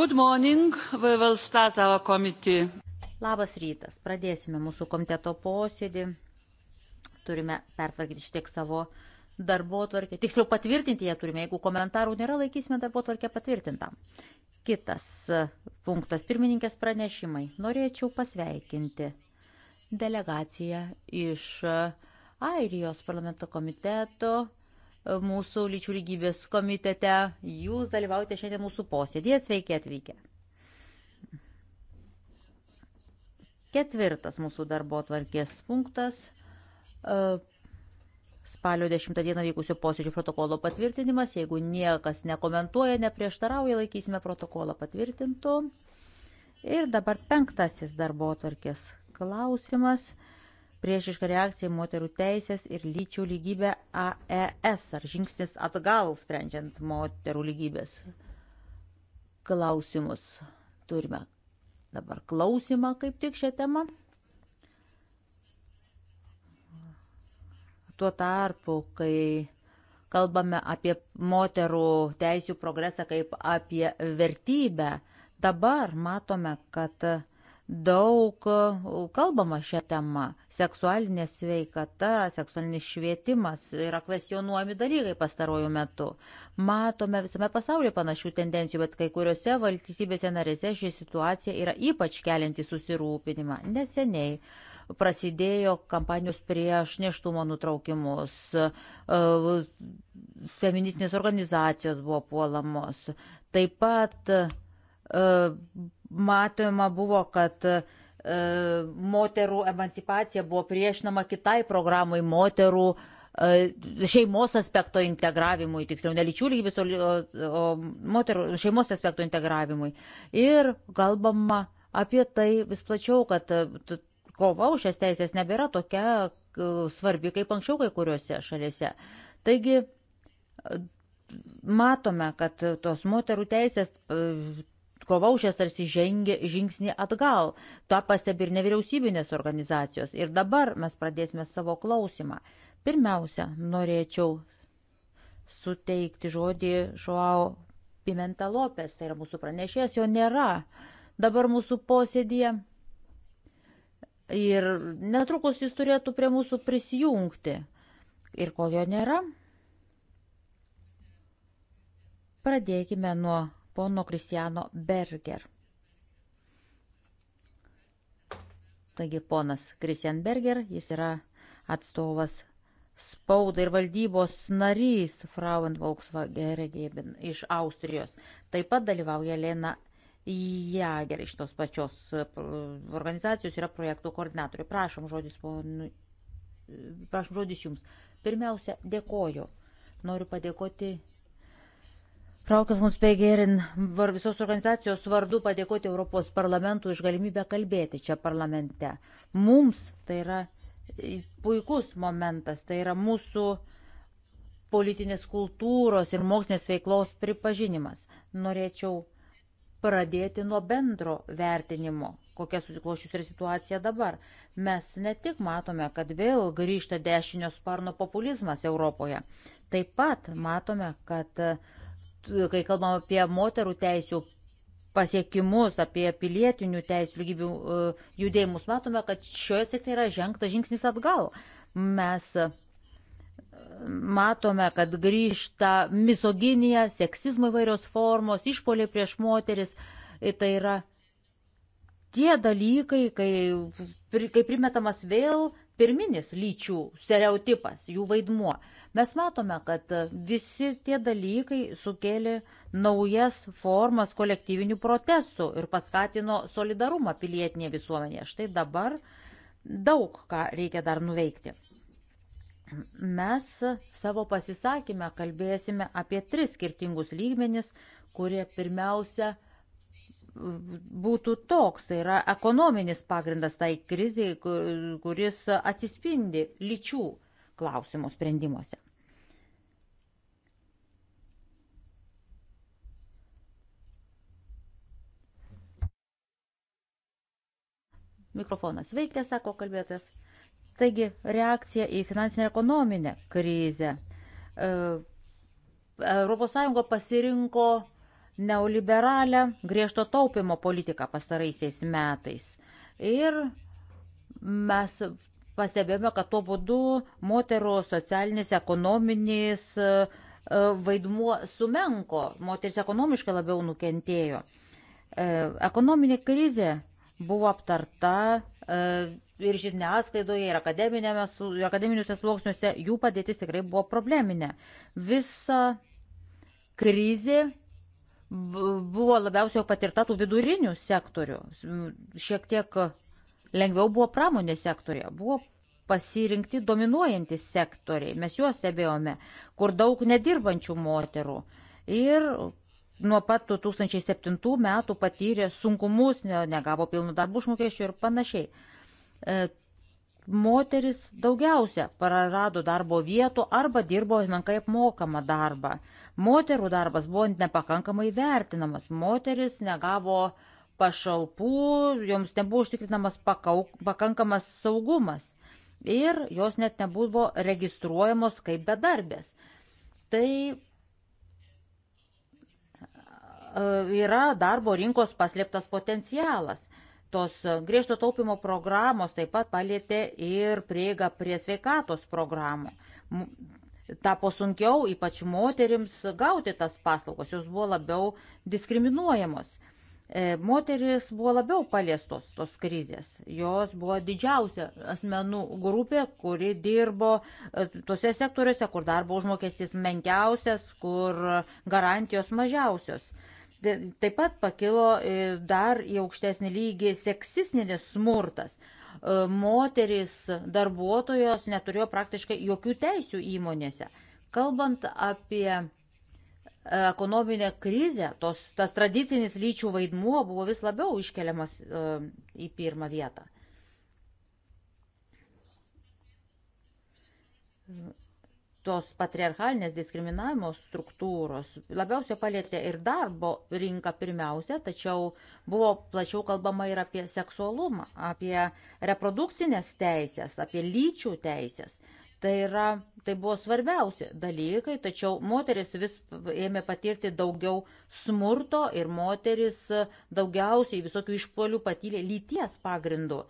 Good morning, we will start our committee. Labas rytas, pradėsime mūsų komiteto posėdį. Turime pertvarkyti šiek tiek savo darbo tvarkę. Tiksliau patvirtinti ją turime, jeigu komentarų nėra, laikysime darbo tvarkę patvirtintą. Kitas punktas - pirmininkės pranešimai. Norėčiau pasveikinti delegaciją iš Airijos parlamento komiteto mūsų lyčių lygybės komitete. Jūs dalyvaujate šiandien mūsų posėdėje. Sveiki atvykę. Ketvirtas mūsų darbo tvarkės punktas. E, spalio 10 dieną vykusio posėdžio protokolo patvirtinimas. Jeigu niekas nekomentuoja, neprieštarauja, laikysime protokolą patvirtintų. Ir dabar penktasis darbo tvarkės klausimas priešišką reakciją į moterų teisės ir lyčių lygybę AES, ar žingsnis atgal sprendžiant moterų lygybės klausimus. Turime dabar klausimą kaip tik šią temą. Tuo tarpu, kai kalbame apie moterų teisių progresą kaip apie vertybę, dabar matome, kad daug e, kalbama šią temą. Seksualinė sveikata, seksualinis švietimas yra kvestionuojami dalykai pastarojų metų. Matome visame pasaulyje panašių tendencijų, bet kai kuriuose valstybėse narėse ši situacija yra ypač kelianti susirūpinimą. Neseniai prasidėjo kampanijos prieš neštumo nutraukimus, e, feministinės organizacijos buvo puolamos. Taip pat E, matoma buvo, kad e, moterų emancipacija buvo priešinama kitai programai moterų e, šeimos aspekto integravimui, tiksliau, neličių lygybės, o, o moterų šeimos aspekto integravimui. Ir kalbama apie tai vis plačiau, kad kova už šias teisės nebėra tokia svarbi kaip anksčiau kai kuriuose šalise. Taigi, matome, kad tos moterų teisės kova už jas tarsi žengė žingsnį atgal. Ta pastebi ir nevyriausybinės organizacijos. Ir dabar mes pradėsime savo klausimą. Pirmiausia, norėčiau suteikti žodį Žuau Pimenta Lopes, tai yra mūsų pranešėjas, jo nėra dabar mūsų posėdėje. Ir netrukus jis turėtų prie mūsų prisijungti. Ir kol jo nėra, pradėkime nuo pono Kristiano Berger. Taigi ponas Kristian Berger, jis yra atstovas spaudai ir valdybos narys Frauen Volkswagen iš Austrijos. Taip pat dalyvauja Lena Jager iš tos pačios e, organizacijos, yra projektų koordinatorių. Prašom žodis, ponu, prašom žodis jums. Pirmiausia, dėkoju. Noriu padėkoti Raukas mums peigerin var visos organizacijos vardu padėkoti Europos parlamentui už galimybę kalbėti čia parlamente. Mums tai yra puikus momentas, tai yra mūsų politinės kultūros ir mokslinės veiklos pripažinimas. Norėčiau pradėti nuo bendro vertinimo, kokia susiklošius yra situacija dabar. Mes ne tik matome, kad vėl grįžta dešinio sparno populizmas Europoje, taip pat matome, kad uh, kai kalbam apie moterų teisų pasiekimus, apie pilietinių teisų lygybių e, judėjimus, matome, kad šioje srityje yra žengta žingsnis atgal. Mes e, matome, kad grįžta misoginija, seksizmo įvairios formos, išpoliai prieš moteris. Tai yra tie dalykai, kai, kai primetamas vėl pirminis lyčių stereotipas, jų vaidmuo. Mes matome, kad visi tie dalykai sukėlė naujas formas kolektyvinių protestų ir paskatino solidarumą pilietinėje visuomenėje. Štai dabar daug ką reikia dar nuveikti. Mes savo pasisakymę kalbėsime apie tris skirtingus lygmenis, kurie pirmiausia – būtų toks, tai yra ekonominis pagrindas tai kriziai, kuris atsispindi lyčių klausimų sprendimuose. Mikrofonas veikia, sako kalbėtojas. Taigi reakcija į finansinę ir ekonominę krizę. ES pasirinko neoliberalią griežto taupimo politiką pastaraisiais metais. Ir mes pastebėjome, kad tuo būdu moterų socialinis, ekonominis e, e, vaidmuo sumenko, moteris ekonomiškai labiau nukentėjo. E, ekonominė krizė buvo aptarta ir žiniasklaidoje, ir akademiniuose sluoksniuose jų padėtis tikrai buvo probleminė. Visa krizė buvo labiausiai patirta tų vidurinių sektorių. Šiek tiek lengviau buvo pramonės sektorija, buvo pasirinkti dominuojantis sektoriai, mes juos stebėjome, kur daug nedirbančių moterų. Ir nuo pat 2007 metų patyrė sunkumus, negavo pilnų darbų užmokesčių ir panašiai. E, moteris daugiausia prarado darbo vietų arba dirbo menkai apmokamą darbą. Moterų darbas buvo nepakankamai vertinamas. Moteris negavo pašalpų, joms nebuvo užtikrinamas pakauk, pakankamas saugumas ir jos net nebuvo registruojamos kaip bedarbės. Tai e, yra darbo rinkos paslėptas potencialas. Tos griežto taupimo programos taip pat palėtė ir prieiga prie sveikatos programų tapo sunkiau, ypač moterims, gauti tas paslaugos, jos buvo labiau diskriminuojamos. E, moteris buvo labiau paliestos tos krizės. Jos buvo didžiausia asmenų grupė, kuri dirbo e, tose sektoriuose, kur darbo užmokestis menkiausias, kur garantijos mažiausios. Taip pat pakilo e, dar į aukštesnį lygį seksisninis smurtas. E, moteris darbuotojos neturėjo praktiškai jokių teisių įmonėse. Kalbant apie e, ekonominę krizę, tos, tas tradicinis lyčių vaidmuo buvo vis labiau iškeliamas e, į pirmą vietą tos patriarchalinės diskriminavimo struktūros labiausiai palėtė ir darbo rinką pirmiausia, tačiau buvo plačiau kalbama ir apie seksualumą, apie reprodukcinės teisės, apie lyčių teisės. Tai yra tai buvo svarbiausi dalykai, tačiau moteris vis ėmė patirti daugiau smurto ir moteris daugiausiai visokių išpolių patyrė lyties pagrindu.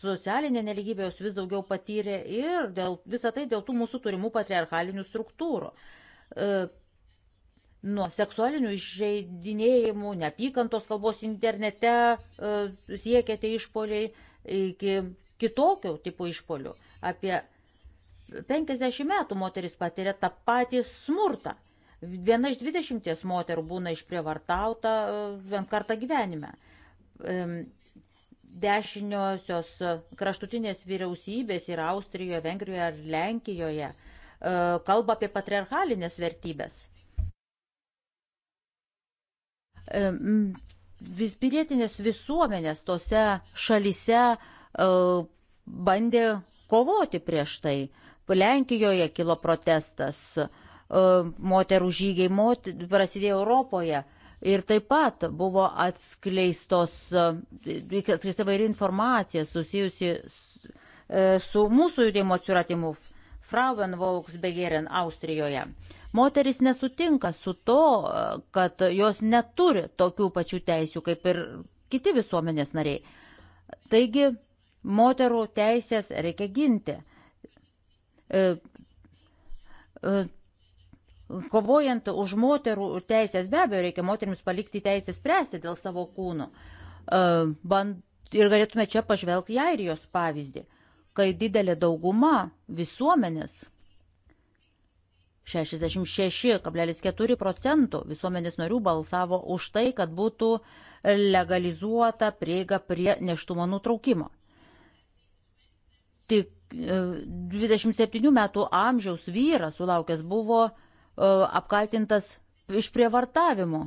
Socialinė neligybė jos vis daugiau patyrė ir dėl, visą tai dėl tų mūsų turimų patriarchalinių struktūrų. E, nuo seksualinių išžeidinėjimų, neapykantos kalbos internete e, siekėte išpoliai iki kitokio tipo išpolių. Apie 50 metų moteris patiria tą patį smurtą. Viena iš 20 moterų būna išprievartauta e, vien kartą gyvenime. Dešiniosios kraštutinės vyriausybės yra Austrijoje, Vengrijoje ar Lenkijoje e, kalba apie patriarchalinės vertybės. Vispirietinės visuomenės tose šalise e, bandė kovoti prieš tai. Lenkijoje kilo protestas, e, moterų žygiai mot... prasidėjo Europoje. Ir taip pat buvo atskleistos, e, atskleista vairi informacija susijusi e, su mūsų judėjimo atsiratimu Frauenvolksbegeren Austrijoje. Moteris nesutinka su to, kad jos neturi tokių pačių teisių kaip ir kiti visuomenės nariai. Taigi, moterų teisės reikia ginti. E, e, kovojant už moterų teisės, be abejo, reikia moteriams palikti teisę spręsti dėl savo kūno. E, ir galėtume čia pažvelgti į Airijos pavyzdį, kai didelė dauguma visuomenės 66,4 procentų visuomenės narių balsavo už tai, kad būtų legalizuota prieiga prie neštumo nutraukimo tik 27 e, metų amžiaus vyras sulaukęs buvo e, apkaltintas išprievartavimu.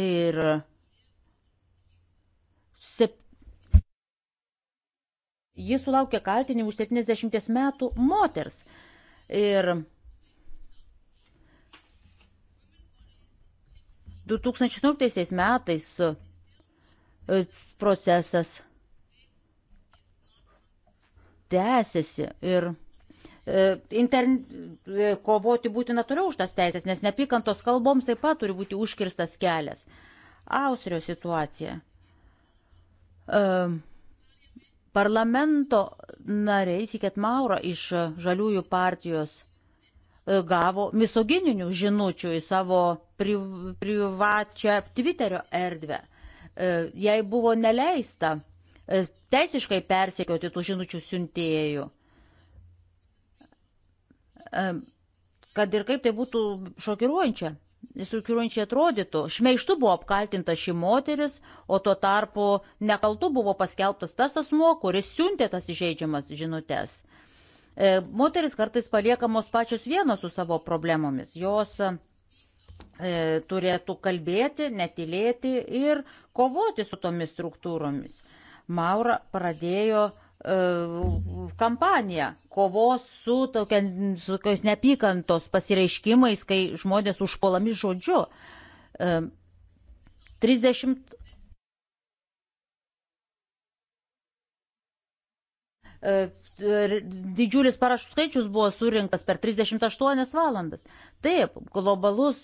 Ir sep... jis sulaukė kaltinimų už 70 metų moters. Ir 2016 metais e, procesas tęsiasi ir e, intern, e, kovoti būtina toliau už tas teisės, nes nepykantos kalboms taip pat turi būti užkirstas kelias. Austrijos situacija. E, parlamento nariai Siket Maura iš Žaliųjų partijos gavo misogininių žinučių į savo privačią Twitterio erdvę. Jai buvo neleista teisiškai persekioti tų žinučių siuntėjų. Kad ir kaip tai būtų šokiruojančia, šokiruojančiai atrodytų, šmeištu buvo apkaltinta ši moteris, o tuo tarpu nekaltu buvo paskelbtas tas asmo, kuris siuntė tas įžeidžiamas žinutės. E, moteris kartais paliekamos pačios vienos su savo problemomis. Jos e, turėtų kalbėti, netilėti ir kovoti su tomis struktūromis. Maura pradėjo e, kampanija kovos su tokiais neapykantos pasireiškimais, kai žmonės užpuolami žodžiu. 30. E, e, didžiulis parašų skaičius buvo surinktas per 38 valandas. Taip, globalus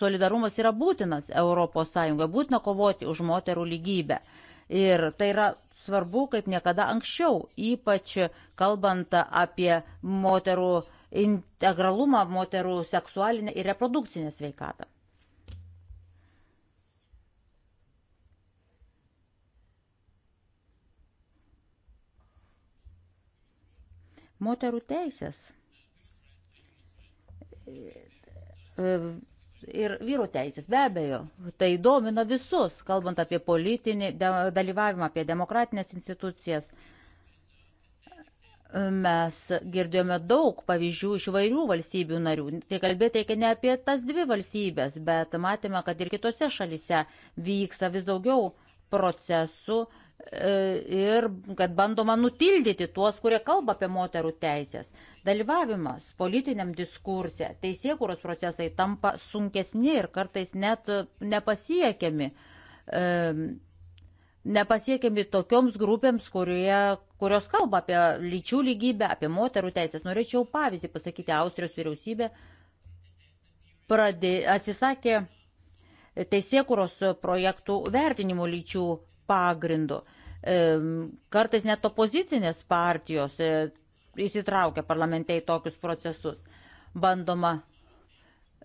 solidarumas yra būtinas ES, būtina kovoti už moterų lygybę. Ir tai yra svarbu kaip niekada anksčiau, ypač kalbant apie moterų integralumą, moterų seksualinę ir reprodukcinę sveikatą. Moterų teisės ir vyrų teisės. Be abejo, tai domina visus, kalbant apie politinį dalyvavimą, apie demokratinės institucijas. Mes girdėjome daug pavyzdžių iš vairių valstybių narių. Tai kalbėti reikia ne apie tas dvi valstybės, bet matėme, kad ir kitose šalise vyksta vis daugiau procesų e, ir kad bandoma nutildyti tuos, kurie kalba apie moterų teisės. Dalyvavimas politiniam diskursė, teisėkūros procesai tampa sunkesni ir kartais net e, nepasiekiami. E, nepasiekiami tokioms grupėms, kurie, kurios kalba apie lyčių lygybę, apie moterų teisės. Norėčiau pavyzdį pasakyti, Austrijos vyriausybė pradė, atsisakė teisėkuros projektų vertinimo lyčių pagrindu. Kartais net opozicinės partijos e, įsitraukia parlamente į tokius procesus. Bandoma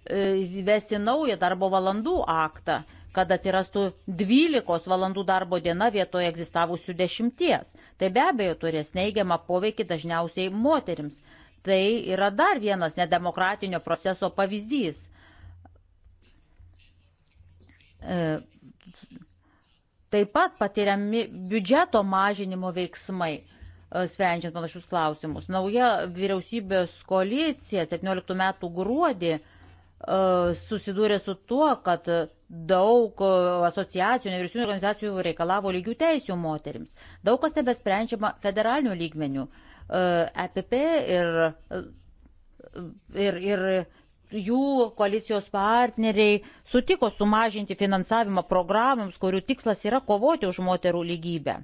e, įvesti naują darbo valandų aktą, kad atsirastų 12 valandų darbo diena vietoje egzistavusių 10. Tai be abejo turės neigiamą poveikį dažniausiai moterims. Tai yra dar vienas nedemokratinio proceso pavyzdys. E, Taip pat patiriami biudžeto mažinimo veiksmai E, sprendžiant panašius klausimus. Nauja vyriausybės koalicija 17 metų gruodį e, susidūrė su tuo, kad daug asociacijų, nevyriausybinių organizacijų reikalavo lygių teisių moterims. Daug kas nebesprendžiama federalinių lygmenių. EPP e ir, ir, ir jų koalicijos partneriai sutiko sumažinti finansavimą programams, kurių tikslas yra kovoti už moterų lygybę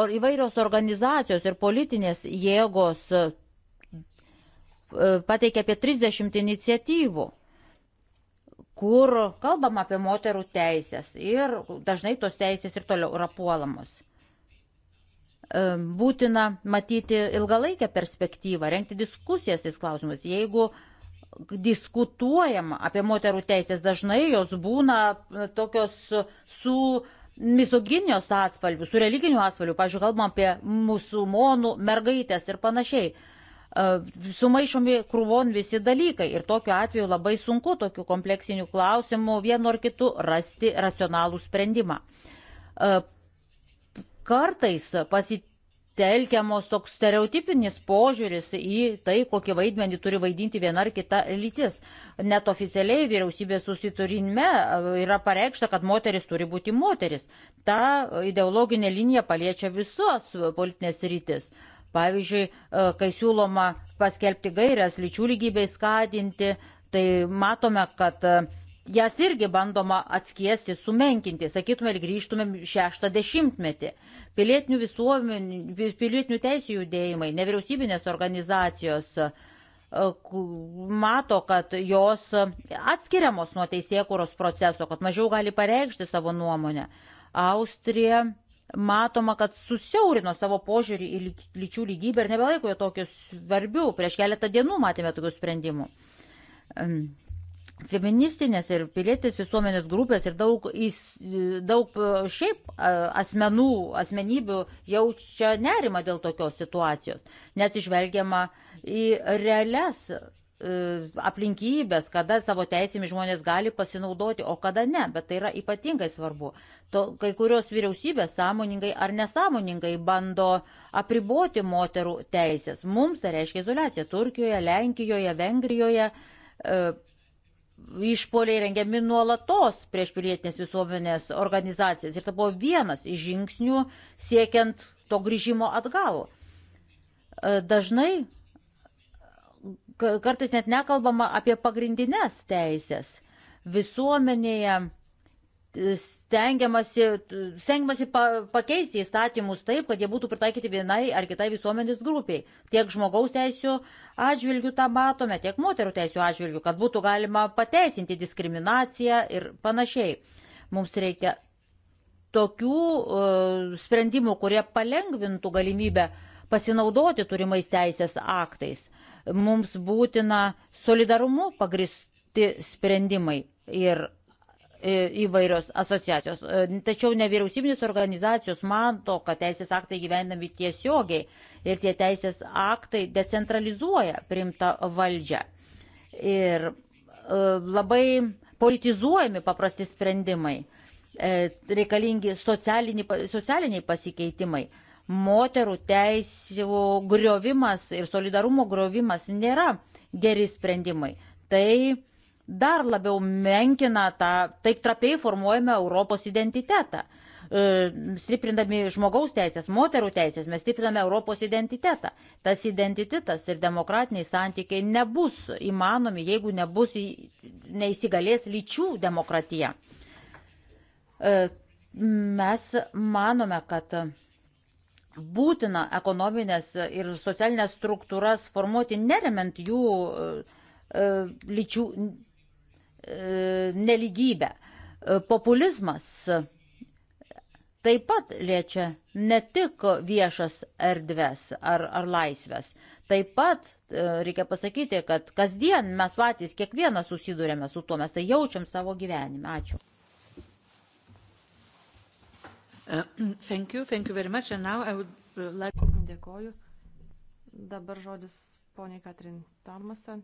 or, įvairios organizacijos ir politinės jėgos e, pateikė apie 30 iniciatyvų, kur kalbam apie moterų teisės ir dažnai tos teisės ir toliau yra puolamos. E, būtina matyti ilgalaikę perspektyvą, renkti diskusijas tais klausimus. Jeigu diskutuojama apie moterų teisės, dažnai jos būna tokios su uh, misoginijos atspalvių, su religiniu atspalviu, pažiūrėjau, kalbam apie musulmonų mergaitės ir panašiai. E, sumaišomi krūvon visi dalykai ir tokiu atveju labai sunku tokių kompleksinių klausimų vienu ar kitu rasti racionalų sprendimą. E, kartais pasit pasitelkiamos toks stereotipinis požiūris į tai, kokį vaidmenį turi vaidinti viena ar kita lytis. Net oficialiai vyriausybės susiturinme e, yra pareikšta, kad moteris turi būti moteris. Ta ideologinė linija paliečia visos politinės rytis. Pavyzdžiui, e, kai siūloma paskelbti gairias lyčių lygybei skatinti, tai matome, kad e, jas irgi bandoma atskiesti, sumenkinti, sakytume, ir grįžtumėm šeštą dešimtmetį. Pilietinių visuomenių, pilietinių teisų judėjimai, nevyriausybinės organizacijos e, mato, kad jos atskiriamos nuo teisėkūros proceso, kad mažiau gali pareikšti savo nuomonę. Austrija matoma, kad susiaurino savo požiūrį į lyčių lygybę ir nebelaiko jo tokiu svarbiu. Prieš keletą dienų matėme tokių sprendimų feministinės ir pilietės visuomenės grupės ir daug, įs, daug e, šiaip e, asmenų, asmenybių jaučia nerimą dėl tokios situacijos, nes išvelgiama į realias e, aplinkybės, kada savo teisėmis žmonės gali pasinaudoti, o kada ne, bet tai yra ypatingai svarbu. To, kai kurios vyriausybės sąmoningai ar nesąmoningai bando apriboti moterų teisės. Mums tai reiškia izolacija Turkijoje, Lenkijoje, Vengrijoje, išpoliai rengiami nuolatos prieš pilietinės visuomenės organizacijas. Ir tai buvo vienas iš žingsnių siekiant to grįžimo atgal. E, dažnai kartais net nekalbama apie pagrindinės teisės. Visuomenėje stengiamasi, stengiamasi pa, pakeisti įstatymus taip, kad jie būtų pritaikyti vienai ar kitai visuomenės grupiai. Tiek žmogaus teisų atžvilgių tą matome, tiek moterų teisų atžvilgių, kad būtų galima pateisinti diskriminaciją ir panašiai. Mums reikia tokių uh, sprendimų, kurie palengvintų galimybę pasinaudoti turimais teisės aktais. Mums būtina solidarumu pagristi sprendimai. Ir įvairios asociacijos. E, tačiau nevyriausybinės organizacijos mato, kad teisės aktai gyvenami tiesiogiai ir tie teisės aktai decentralizuoja primtą valdžią. Ir e, labai politizuojami paprasti sprendimai, e, reikalingi socialiniai, socialiniai pasikeitimai. Moterų teisų griovimas ir solidarumo griovimas nėra geri sprendimai. Tai dar labiau menkina tą, taip trapiai formuojame Europos identitetą. E, stiprindami žmogaus teisės, moterų teisės, mes stipriname Europos identitetą. Tas identitetas ir demokratiniai santykiai nebus įmanomi, jeigu nebus neįsigalės lyčių demokratija. E, mes manome, kad būtina ekonominės ir socialinės struktūras formuoti neremiant jų e, lyčių E, neligybę. E, populizmas taip pat liečia ne tik viešas erdves ar, ar laisvės. Taip pat e, reikia pasakyti, kad kasdien mes patys kiekvienas susidurėme su tuo, mes tai jaučiam savo gyvenime. Ačiū. Uh, thank you, thank you very much. And now I would uh, like... Dėkoju. Dabar žodis poniai Katrin Tarmasen,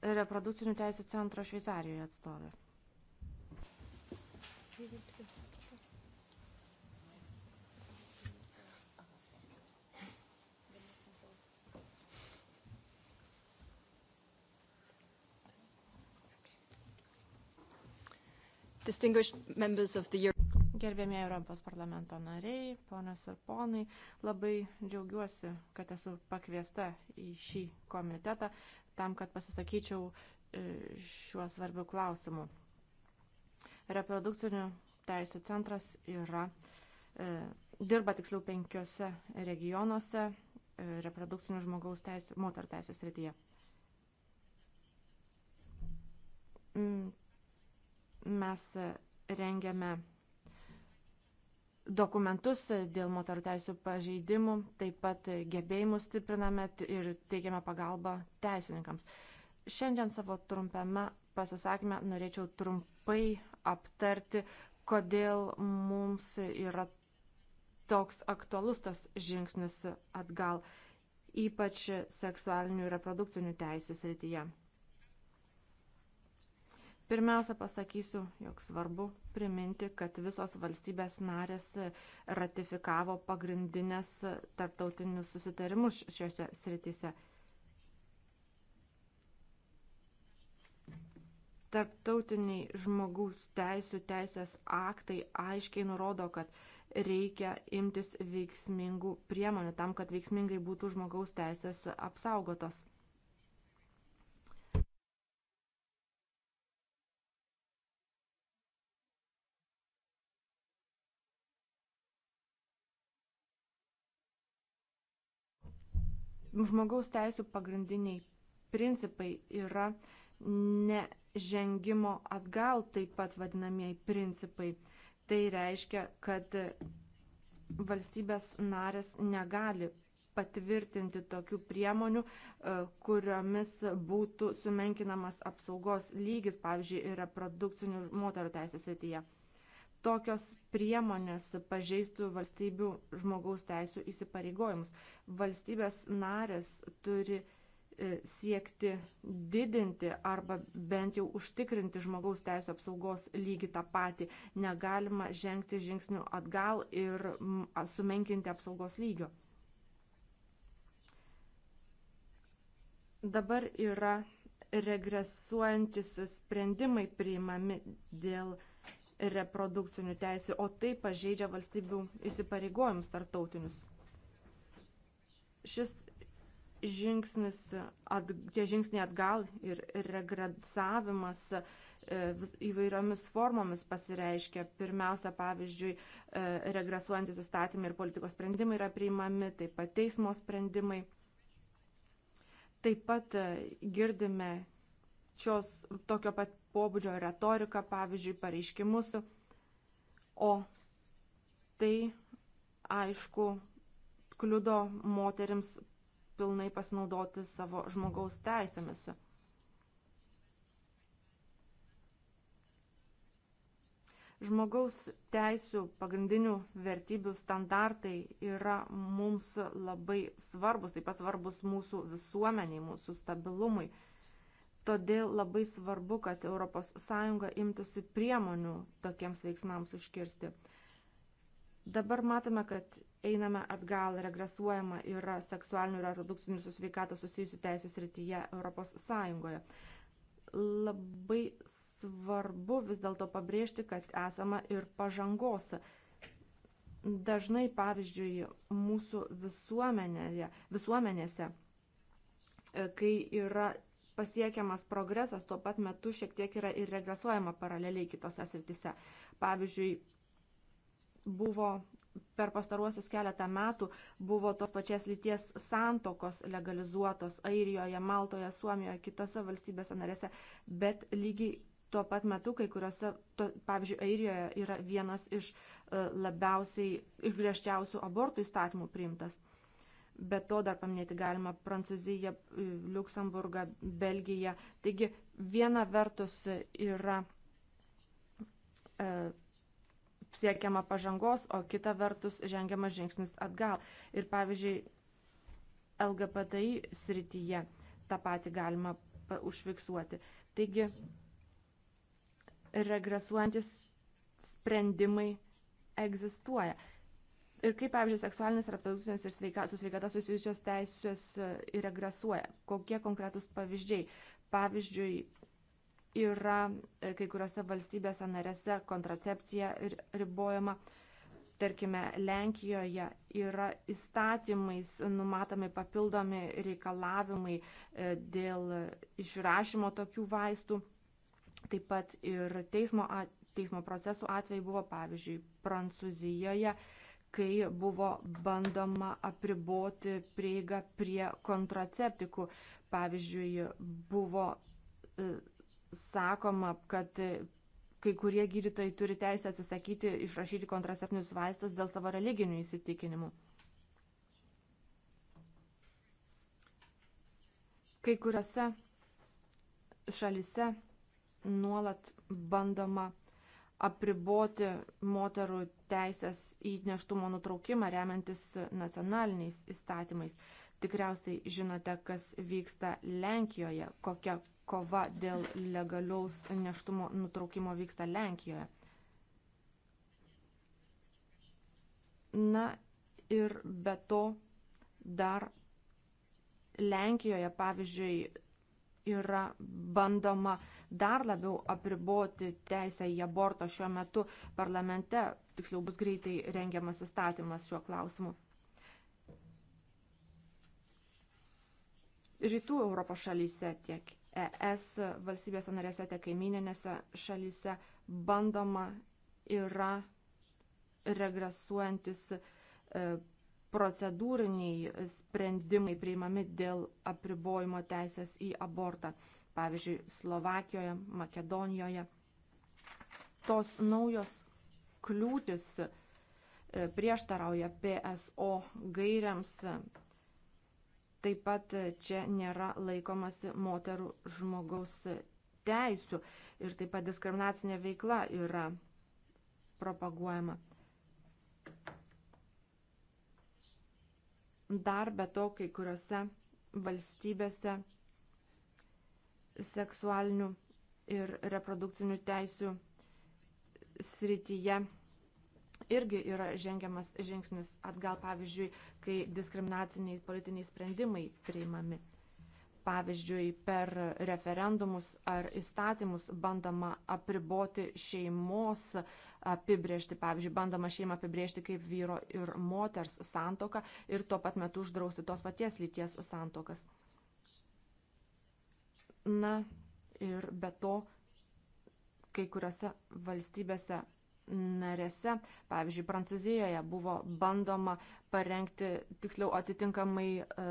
reprodukcinių teisų centro Šveicarijoje atstovė. Gerbėmėjai Europos parlamento nariai, ponios ir ponai, labai džiaugiuosi, kad esu pakviesta į šį komitetą tam, kad pasisakyčiau e, šiuo svarbiu klausimu. Reprodukcinių teisų centras yra, e, dirba tiksliau penkiose regionuose e, reprodukcinių žmogaus teisų, moterų teisų srityje. Mes rengiame dokumentus dėl moterų teisų pažeidimų, taip pat gebėjimus stipriname ir teikiame pagalbą teisininkams. Šiandien savo trumpame pasisakymę norėčiau trumpai aptarti, kodėl mums yra toks aktualus tas žingsnis atgal, ypač seksualinių ir reprodukcinių teisų srityje. Pirmiausia, pasakysiu, jog svarbu priminti, kad visos valstybės narės ratifikavo pagrindinės tarptautinius susitarimus šiuose srityse. Tarptautiniai žmogaus teisų teisės aktai aiškiai nurodo, kad reikia imtis veiksmingų priemonių tam, kad veiksmingai būtų žmogaus teisės apsaugotos. Nu, žmogaus teisų pagrindiniai principai yra nežengimo atgal taip pat vadinamieji principai. Tai reiškia, kad valstybės narės negali patvirtinti tokių priemonių, e, kuriomis būtų sumenkinamas apsaugos lygis, pavyzdžiui, reprodukcinių moterų teisės rytyje tokios priemonės pažeistų valstybių žmogaus teisų įsipareigojimus. Valstybės narės turi e, siekti didinti arba bent jau užtikrinti žmogaus teisų apsaugos lygį tą patį. Negalima žengti žingsnių atgal ir sumenkinti apsaugos lygio. Dabar yra regresuojantis sprendimai priimami dėl reprodukcinių teisių, o tai pažeidžia valstybių įsipareigojimus tartautinius. Šis žingsnis, at, tie žingsniai atgal ir regresavimas e, įvairiomis formomis pasireiškia. Pirmiausia, pavyzdžiui, e, regresuojantis įstatymai ir politikos sprendimai yra priimami, taip pat teismo sprendimai. Taip pat e, girdime šios tokio pat pobūdžio retoriką, pavyzdžiui, pareiškimus, o tai aišku kliudo moteriams pilnai pasinaudoti savo žmogaus teisėmis. Žmogaus teisų pagrindinių vertybių standartai yra mums labai svarbus, taip pat svarbus mūsų visuomeniai, mūsų stabilumui. Todėl labai svarbu, kad ES imtųsi priemonių tokiems veiksmams užkirsti. Dabar matome, kad einame atgal, regresuojama yra seksualinių ir reprodukcinių su sveikata susijusių teisų srityje ES. Labai svarbu vis dėlto pabrėžti, kad esama ir pažangos. Dažnai, pavyzdžiui, mūsų visuomenėje, visuomenėse, e, kai yra pasiekiamas progresas, tuo pat metu šiek tiek yra ir regresuojama paraleliai kitose sritise. Pavyzdžiui, buvo per pastaruosius keletą metų buvo tos pačias lyties santokos legalizuotos Airijoje, Maltoje, Suomijoje, kitose valstybėse narėse, bet lygiai tuo pat metu kai kuriuose, to, pavyzdžiui, Airijoje yra vienas iš e, labiausiai ir griežčiausių abortų įstatymų priimtas. Be to dar paminėti galima Prancūziją, Luksemburgą, Belgiją. Taigi viena vertus yra e, siekiama pažangos, o kita vertus žengiamas žingsnis atgal. Ir pavyzdžiui, LGBTI srityje tą patį galima užfiksuoti. Taigi, regresuojantis sprendimai egzistuoja ir kaip, pavyzdžiui, seksualinės ir aptautinės ir sveika, su sveikata susijusios teisės e, regresuoja. Kokie konkretūs pavyzdžiai? Pavyzdžiui, yra e, kai kuriuose valstybėse narėse kontracepcija ribojama. Tarkime, Lenkijoje yra įstatymais numatomi papildomi reikalavimai e, dėl išrašymo tokių vaistų. Taip pat ir teismo, teismo procesų atveju buvo, pavyzdžiui, Prancūzijoje uh, kai buvo bandoma apriboti prieigą prie kontraceptikų. Pavyzdžiui, buvo e, sakoma, kad kai kurie gydytojai turi teisę atsisakyti išrašyti kontraceptinius vaistus dėl savo religinių įsitikinimų. Kai kuriuose šalise nuolat bandoma uh, apriboti moterų teisės į neštumo nutraukimą remiantis nacionaliniais įstatymais. Tikriausiai žinote, kas vyksta Lenkijoje, kokia kova dėl legaliaus neštumo nutraukimo vyksta Lenkijoje. Na ir be to dar Lenkijoje, pavyzdžiui, yra bandoma dar labiau apriboti teisę į abortą šiuo metu parlamente, tiksliau bus greitai rengiamas įstatymas šiuo klausimu. Rytų Europos šalyse tiek ES valstybėse narėse, tiek kaimininėse šalyse bandoma yra regresuojantis e, procedūriniai sprendimai priimami dėl apribojimo teisės į abortą. Pavyzdžiui, Slovakijoje, Makedonijoje. Tos naujos kliūtis e, prieštarauja PSO gairiams. Taip pat e, čia nėra laikomasi moterų žmogaus teisų ir taip pat diskriminacinė veikla yra propaguojama. Dar be to, kai kuriuose valstybėse seksualinių ir reprodukcinių teisių srityje irgi yra žengiamas žingsnis atgal, pavyzdžiui, kai diskriminaciniai politiniai sprendimai priimami. Pavyzdžiui, per referendumus ar įstatymus bandoma apriboti šeimos apibriežti, pavyzdžiui, bandoma šeimą apibriežti kaip vyro ir moters santoka ir tuo pat metu uždrausti tos paties lyties santokas. Na ir be to, kai kuriuose valstybėse narėse, pavyzdžiui, Prancūzijoje buvo bandoma parengti, tiksliau, atitinkamai e,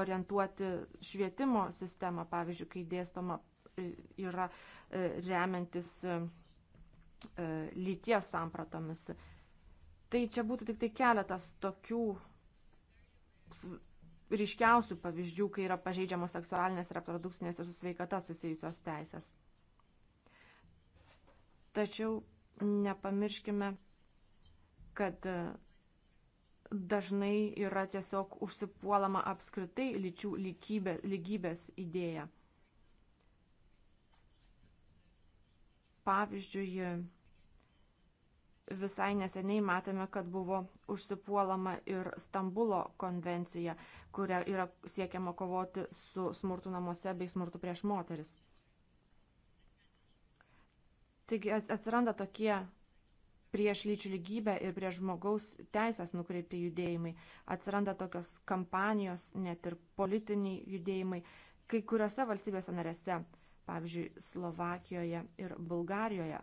orientuoti švietimo sistemą, pavyzdžiui, kai dėstoma e, yra e, remiantis e, lyties sampratomis. Tai čia būtų tik tai keletas tokių ryškiausių pavyzdžių, kai yra pažeidžiamos seksualinės, reprodukcinės ir su sveikata susijusios teisės. Tačiau nepamirškime, kad dažnai yra tiesiog užsipuolama apskritai lyčių lygybė, lygybės idėja. Pavyzdžiui, visai neseniai matėme, kad buvo užsipuolama ir Stambulo konvencija, kuria yra siekiama kovoti su smurtu namuose bei smurtu prieš moteris. Taigi atsiranda tokie prieš lyčių lygybę ir prieš žmogaus teisės nukreipti judėjimai. Atsiranda tokios kampanijos, net ir politiniai judėjimai kai kuriuose valstybėse narėse, pavyzdžiui, Slovakijoje ir Bulgarijoje.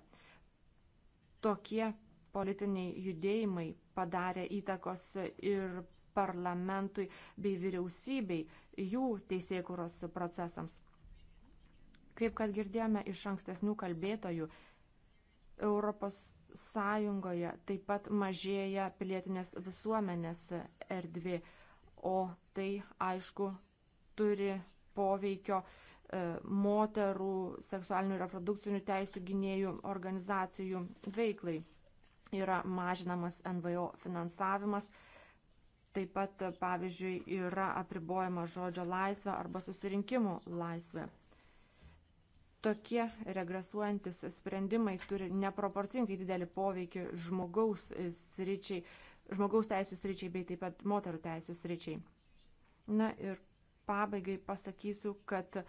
Tokie politiniai judėjimai padarė įtakos ir parlamentui bei vyriausybei jų teisėkuros procesams. Kaip kad girdėjome iš ankstesnių kalbėtojų, Europos Sąjungoje taip pat mažėja pilietinės visuomenės erdvė, o tai aišku turi poveikio e, moterų seksualinių ir reprodukcinių teisų gynėjų organizacijų veiklai. Yra mažinamas NVO finansavimas, taip pat, pavyzdžiui, yra apribojama žodžio laisvė arba susirinkimų laisvė tokie regresuojantis sprendimai turi neproporcingai didelį poveikį žmogaus e, sričiai, žmogaus teisų sričiai bei taip pat moterų teisų sričiai. Na ir pabaigai pasakysiu, kad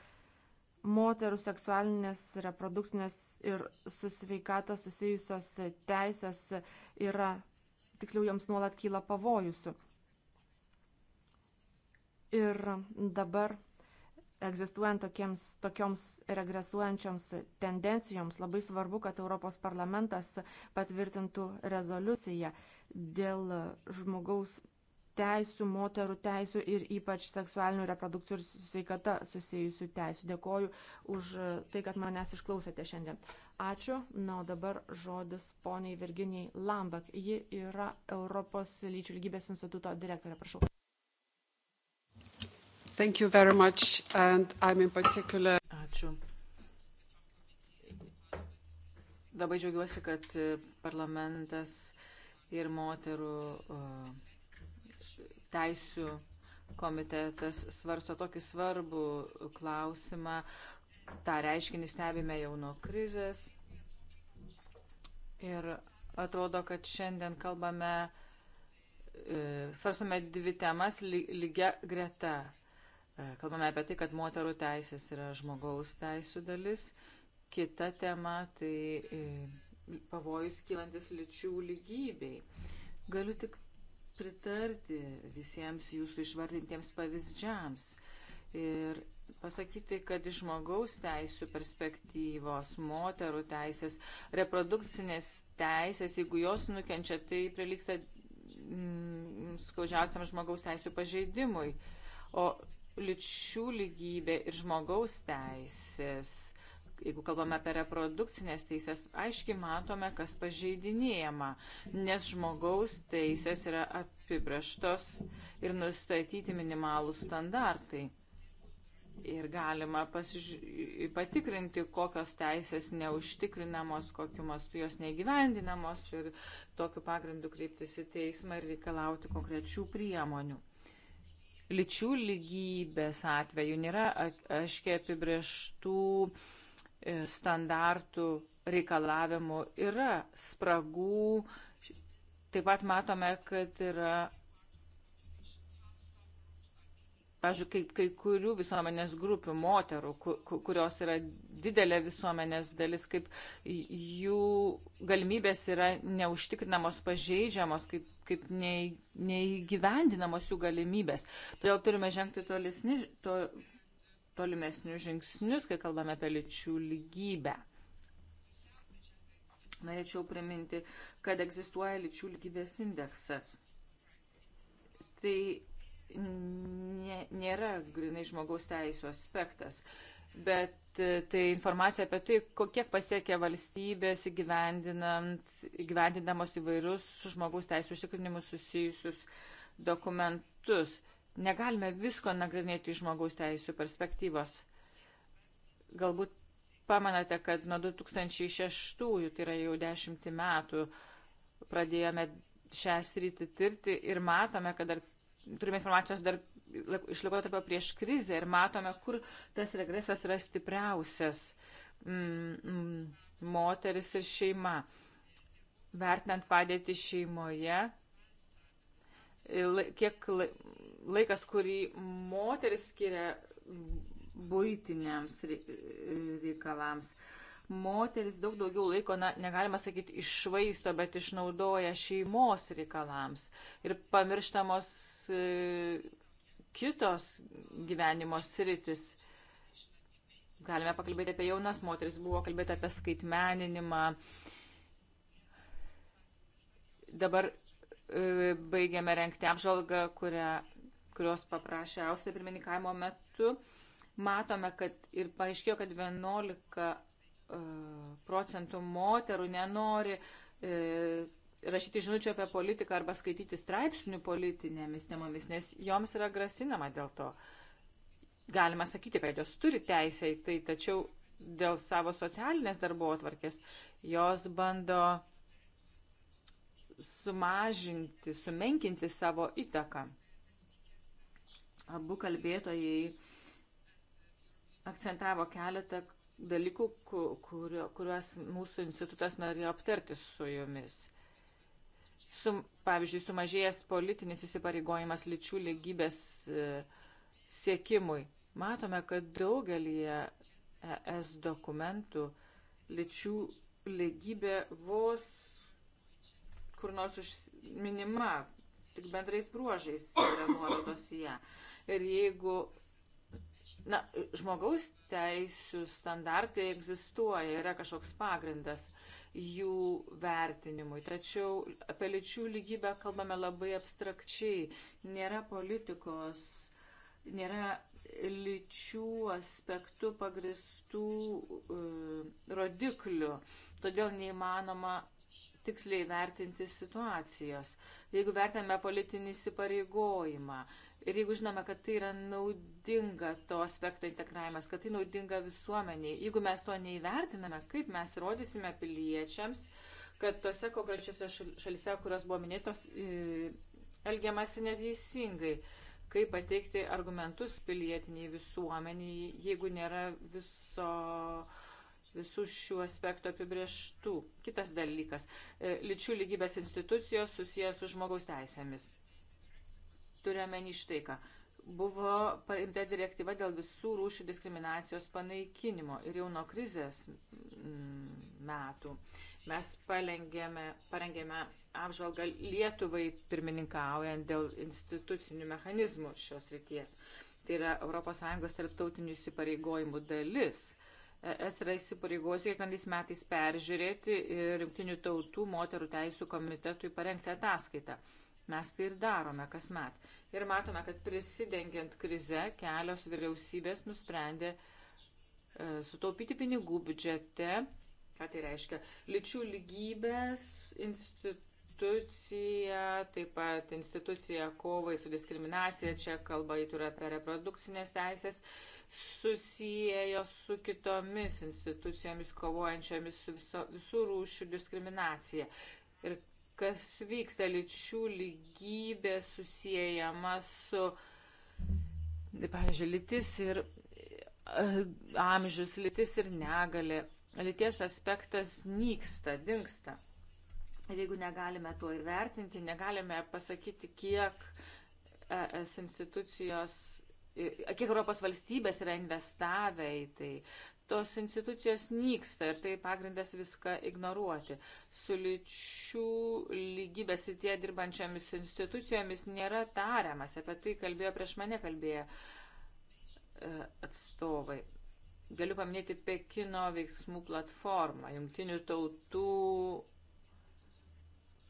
moterų seksualinės, reprodukcinės ir susveikata susijusios teisės yra, tiksliau, joms nuolat kyla pavojus. Ir dabar egzistuojant tokiems, tokioms regresuojančioms tendencijoms, labai svarbu, kad Europos parlamentas patvirtintų rezoliuciją dėl žmogaus teisų, moterų teisų ir ypač seksualinių reprodukcijų ir sveikata susijusių teisų. Dėkoju už tai, kad manęs išklausėte šiandien. Ačiū. Na, o dabar žodis poniai Virginijai Lambak. Ji yra Europos lyčių lygybės instituto direktorė. Prašau. Thank you very much and I'm in particular. Ačiū. Labai džiaugiuosi, kad e, parlamentas ir moterų e, teisų komitetas svarsto tokį svarbų klausimą. Ta reiškinį stebime jau nuo krizės. Ir atrodo, kad šiandien kalbame, e, svarstame dvi temas lygia greta. E, kalbame apie tai, kad moterų teisės yra žmogaus teisų dalis. Kita tema tai e, pavojus kylantis lyčių lygybei. Galiu tik pritarti visiems jūsų išvardintiems pavyzdžiams ir pasakyti, kad iš žmogaus teisų perspektyvos, moterų teisės, reprodukcinės teisės, jeigu jos nukenčia, tai priliksta mm, skaudžiausiam žmogaus teisų pažeidimui. O lyčių lygybė ir žmogaus teisės, jeigu kalbame apie reprodukcinės teisės, aiškiai matome, kas pažeidinėjama, nes žmogaus teisės yra apibrieštos ir nustatyti minimalų standartai. Ir galima pasiž... patikrinti, kokios teisės neužtikrinamos, kokiu mastu jos negyvendinamos ir tokiu pagrindu kreiptis į teismą ir reikalauti konkrečių priemonių lyčių lygybės atveju nėra aiškiai apibrieštų e, standartų reikalavimų, yra spragų, taip pat matome, kad yra pavyzdžiui, kai, kai kurių visuomenės grupių moterų, kurios yra didelė visuomenės dalis, kaip jų galimybės yra neužtikrinamos, pažeidžiamos, kaip kaip neįgyvendinamos jų galimybės. Todėl turime žengti tolesni, to, tolimesnius žingsnius, kai kalbame apie lyčių lygybę. Norėčiau priminti, kad egzistuoja lyčių lygybės indeksas. Tai nė, nėra grinai žmogaus teisų aspektas bet e, tai informacija apie tai, kiek pasiekia valstybės įgyvendinamos įvairius su žmogaus teisų užtikrinimus susijusius dokumentus. Negalime visko nagrinėti iš žmogaus teisų perspektyvos. Galbūt pamanate, kad nuo 2006, tai yra jau dešimtį metų, pradėjome šią sritį tirti ir matome, kad dar turime informacijos dar iš laikotarpio prieš krizę ir matome, kur tas regresas yra stipriausias mm, mm moteris ir šeima. Vertinant padėti šeimoje, kiek laikas, kurį moteris skiria būtiniams reikalams. Ry moteris daug daugiau laiko, na, negalima sakyti, išvaisto, bet išnaudoja šeimos reikalams ir pamirštamos e, kitos gyvenimo sritis. Galime pakalbėti apie jaunas moteris, buvo kalbėti apie skaitmeninimą. Dabar e, baigiame renkti apžvalgą, kurią, kurios paprašė Austrija pirmininkavimo metu. Matome, kad ir paaiškėjo, kad 11 E, procentų moterų nenori e, rašyti žinučių apie politiką arba skaityti straipsnių politinėmis temomis, nes joms yra grasinama dėl to. Galima sakyti, kad jos turi teisę į tai, tačiau dėl savo socialinės darbo atvarkės jos bando sumažinti, sumenkinti savo įtaką. Abu kalbėtojai akcentavo keletą dalykų, kurio, kuriuos mūsų institutas norėjo aptarti su jumis. Sum, pavyzdžiui, sumažėjęs politinis įsipareigojimas lyčių lygybės e, siekimui. Matome, kad daugelį ES dokumentų lyčių lygybė vos kur nors užminima, tik bendrais bruožais yra nuorodos į ją. Ir jeigu Na, žmogaus teisų standartai egzistuoja, yra kažkoks pagrindas jų vertinimui. Tačiau apie lyčių lygybę kalbame labai abstrakčiai. Nėra politikos, nėra lyčių aspektų pagristų uh, rodiklių. Todėl neįmanoma tiksliai vertinti situacijos. Jeigu vertiname politinį įsipareigojimą, uh, Ir jeigu žinome, kad tai yra naudinga to aspekto integravimas, kad tai naudinga visuomeniai, jeigu mes to neįvertiname, kaip mes rodysime piliečiams, kad tose konkrečiose šalise, kurios buvo minėtos, elgiamasi neteisingai. Kaip pateikti argumentus pilietiniai visuomeniai, jeigu nėra viso, visų šių aspektų apibrieštų. Kitas dalykas e, - lyčių lygybės institucijos susijęs su žmogaus teisėmis turime štai ką. Buvo paimta direktyva dėl visų rūšių diskriminacijos panaikinimo ir jau nuo krizės mm, metų mes palengėme, parengėme apžvalgą Lietuvai pirmininkaujant dėl institucinių mechanizmų šios ryties. Tai yra ES tarptautinių įsipareigojimų dalis. Es yra įsipareigojusi kiekvienais metais peržiūrėti ir Junktinių tautų moterų teisų komitetui parengti ataskaitą. Mes tai ir darome kasmet. Ir matome, kad prisidengiant krize kelios vyriausybės nusprendė e, sutaupyti pinigų biudžete. Ką tai reiškia? Lyčių lygybės institucija, taip pat institucija kovai su diskriminacija, čia kalba įtura apie reprodukcinės teisės, susijėjo su kitomis institucijomis kovojančiamis su viso, visų rūšių diskriminacija. Ir kas vyksta lyčių lygybė susijęjama su, pavyzdžiui, lytis ir e, amžius, lytis ir negalė. Lyties aspektas nyksta, dinksta. Ir jeigu negalime to įvertinti, negalime pasakyti, kiek ES institucijos, e, kiek Europos valstybės yra investavę į tai, tos institucijos nyksta ir tai pagrindas viską ignoruoti. Su lyčių lygybės ir tie dirbančiomis institucijomis nėra tariamas, apie tai kalbėjo prieš mane kalbėję e, atstovai. Galiu paminėti Pekino veiksmų platformą, jungtinių tautų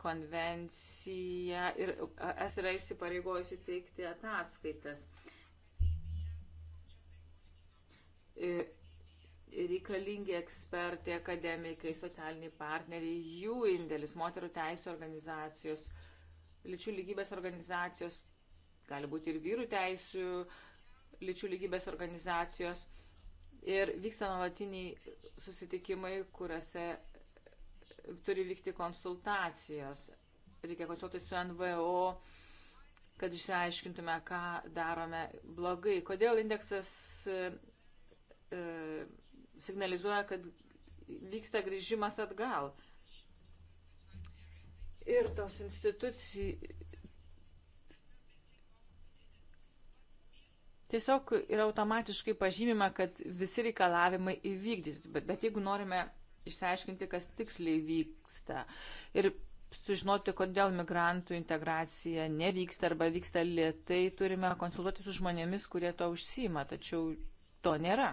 konvenciją ir es yra įsipareigojusi teikti ataskaitas. E, reikalingi ekspertai, akademikai, socialiniai partneriai, jų indėlis, moterų teisų organizacijos, lyčių lygybės organizacijos, gali būti ir vyrų teisų, lyčių lygybės organizacijos. Ir vyksta nuolatiniai susitikimai, kuriuose turi vykti konsultacijos. Reikia konsultuoti su NVO, kad išsiaiškintume, ką darome blogai. Kodėl indeksas e, signalizuoja, kad vyksta grįžimas atgal. Ir tos institucijos. Tiesiog yra automatiškai pažymima, kad visi reikalavimai įvykdyti, bet, bet jeigu norime išsiaiškinti, kas tiksliai vyksta ir sužinoti, kodėl migrantų integracija nevyksta arba vyksta lietai, turime konsultuoti su žmonėmis, kurie to užsima, tačiau to nėra.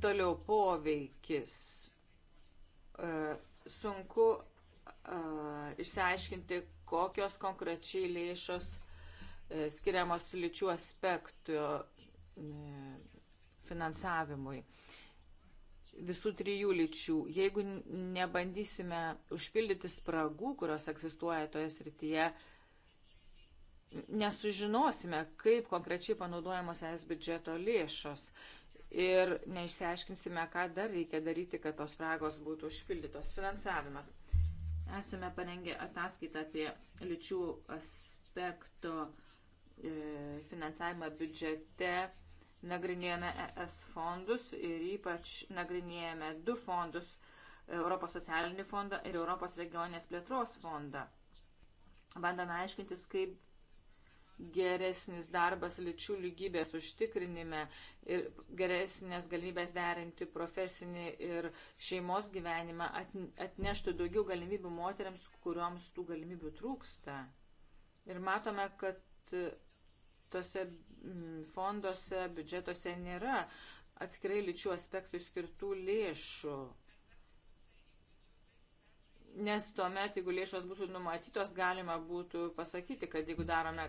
Toliau poveikis. E, sunku e, išsiaiškinti, kokios konkrečiai lėšos e, skiriamos lyčių aspektų finansavimui. Visų trijų lyčių. Jeigu nebandysime užpildyti spragų, kurios egzistuoja toje srityje, nesužinosime, kaip konkrečiai panaudojamos es biudžeto lėšos ir neišsiaiškinsime, ką dar reikia daryti, kad tos spragos būtų užpildytos. Finansavimas. Esame parengę ataskaitą apie lyčių aspekto e, finansavimą biudžete. Nagrinėjame ES fondus ir ypač nagrinėjame du fondus - Europos socialinį fondą ir Europos regioninės plėtros fondą. Bandome aiškintis, kaip geresnis darbas lyčių lygybės užtikrinime ir geresnės galimybės derinti profesinį ir šeimos gyvenimą atneštų daugiau galimybių moteriams, kurioms tų galimybių trūksta. Ir matome, kad tose mm, fonduose, biudžetuose nėra atskirai lyčių aspektų skirtų lėšų nes tuomet, jeigu lėšos būtų numatytos, galima būtų pasakyti, kad jeigu darome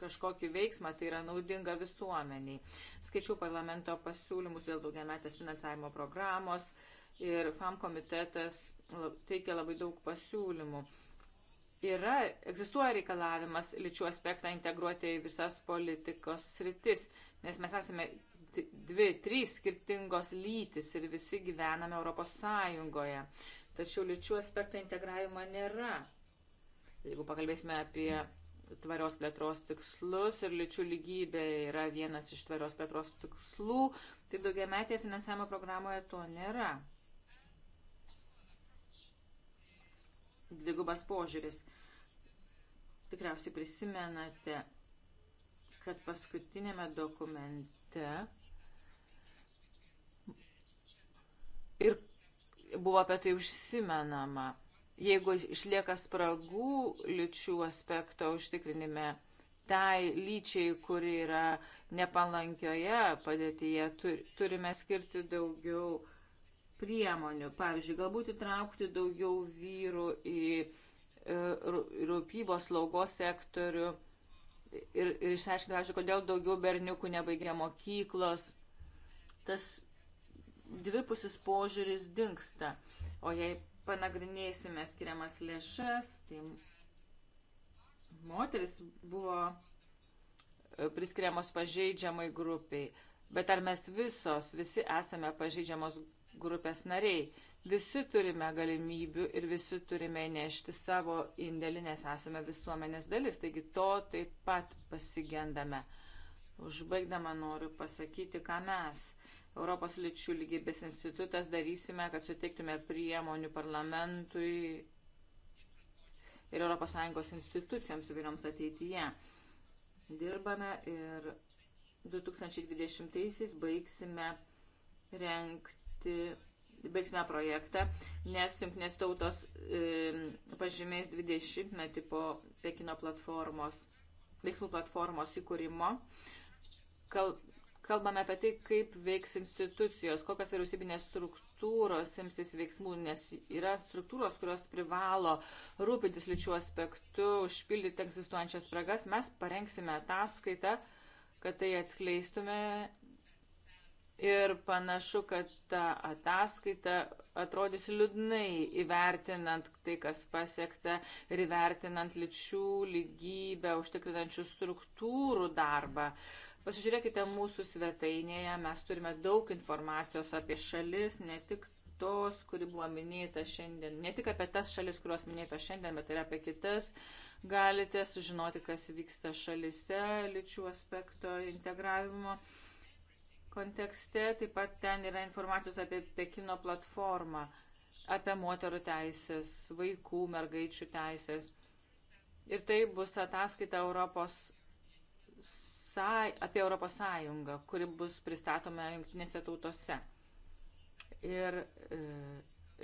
kažkokį veiksmą, tai yra naudinga visuomeniai. Skaičiau parlamento pasiūlymus dėl daugiametės finansavimo programos ir FAM komitetas teikia labai daug pasiūlymų. Yra, egzistuoja reikalavimas lyčių aspektą integruoti į visas politikos sritis, nes mes esame dvi, trys skirtingos lytis ir visi gyvename Europos Sąjungoje. Tačiau lyčių aspektą integravimo nėra. Jeigu pakalbėsime apie tvarios plėtros tikslus ir lyčių lygybė yra vienas iš tvarios plėtros tikslų, tai daugiametėje finansavimo programoje to nėra. Dvigubas požiūris. Tikriausiai prisimenate, kad paskutinėme dokumente ir buvo apie tai užsimenama jeigu išlieka spragų lyčių aspekto užtikrinime, tai lyčiai, kuri yra nepalankioje padėtyje, turime skirti daugiau priemonių. Pavyzdžiui, galbūt įtraukti daugiau vyrų į e, rūpybos slaugos sektorių ir, ir išsiaiškinti, pavyzdžiui, kodėl daugiau berniukų nebaigia mokyklos. Tas dvipusis požiūris dinksta. O jei panagrinėsime skiriamas lėšas. Tai moteris buvo e, priskiriamos pažeidžiamai grupiai. Bet ar mes visos, visi esame pažeidžiamos grupės nariai? Visi turime galimybių ir visi turime nešti savo indėlį, nes esame visuomenės dalis. Taigi to taip pat pasigendame. Užbaigdama noriu pasakyti, ką mes Europos lyčių lygybės institutas darysime, kad suteiktume priemonių parlamentui ir ES institucijoms įvairioms ateityje. Dirbame ir 2020-aisiais baigsime renkti, baigsime projektą, nes jungtinės tautos e, pažymės 20-metį po Pekino platformos, veiksmų platformos įkūrimo. Kal, kalbame apie tai, kaip veiks institucijos, kokios vyriausybinės struktūros imsis veiksmų, nes yra struktūros, kurios privalo rūpintis lyčių aspektu, užpildyti egzistuojančias spragas. Mes parengsime ataskaitą, kad tai atskleistume. Ir panašu, kad ta ataskaita atrodys liūdnai įvertinant tai, kas pasiekta ir įvertinant lyčių lygybę užtikrinančių struktūrų darbą. Uh, Pasižiūrėkite mūsų svetainėje, mes turime daug informacijos apie šalis, ne tik tos, kuri buvo minėta šiandien, ne tik apie tas šalis, kurios minėta šiandien, bet ir apie kitas. Galite sužinoti, kas vyksta šalise, lyčių aspekto integravimo kontekste. Taip pat ten yra informacijos apie Pekino platformą, apie moterų teisės, vaikų, mergaičių teisės. Ir tai bus ataskaita Europos apie Europos Sąjungą, kuri bus pristatoma jungtinėse tautose. Ir e,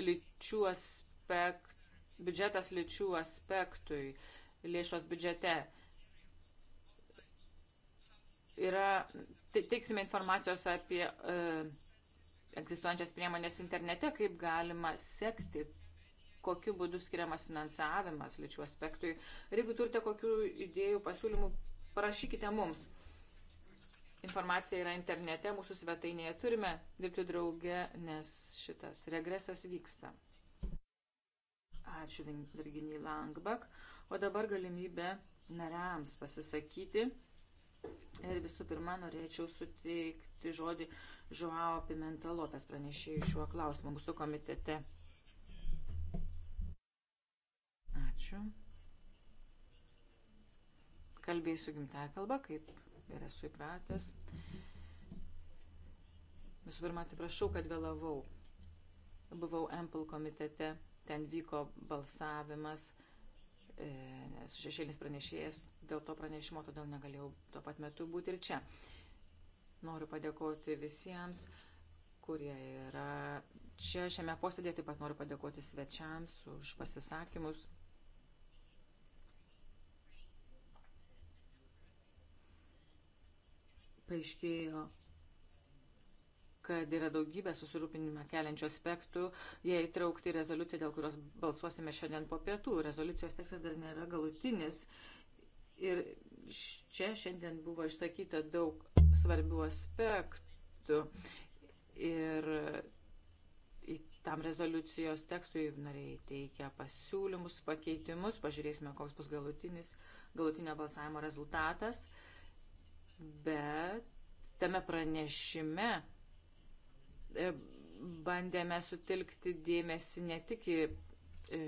lyčių aspekt, biudžetas lyčių aspektui, lėšos biudžete yra, teiksime informacijos apie e, egzistuojančias priemonės internete, kaip galima sekti, kokiu būdu skiriamas finansavimas lyčių aspektui. Ir jeigu turite kokių idėjų, pasiūlymų, parašykite mums informacija yra internete, mūsų svetainėje turime dirbti drauge, nes šitas regresas vyksta. Ačiū Virginijai Langbak. O dabar galimybė nariams pasisakyti. Ir visų pirma, norėčiau suteikti žodį Žuao Pimentalopės pranešėjų šiuo klausimu mūsų komitete. Ačiū. Kalbėsiu gimtąją kalbą, kaip ir esu įpratęs. Visų pirma, atsiprašau, kad vėlavau. Buvau Ample komitete, ten vyko balsavimas, e, esu šešėlis pranešėjas, dėl to pranešimo, todėl negalėjau tuo pat metu būti ir čia. Noriu padėkoti visiems, kurie yra čia šiame posėdėje, taip pat noriu padėkoti svečiams už pasisakymus. paaiškėjo, kad yra daugybė susirūpinimą keliančių aspektų, jie įtraukti į rezoliuciją, dėl kurios balsuosime šiandien po pietų. Rezoliucijos tekstas dar nėra galutinis. Ir čia šiandien buvo išsakyta daug svarbių aspektų. Ir tam rezoliucijos tekstui nariai teikia pasiūlymus, pakeitimus. Pažiūrėsime, koks bus galutinis, galutinio balsavimo rezultatas bet tame pranešime e, bandėme sutilkti dėmesį ne tik į e,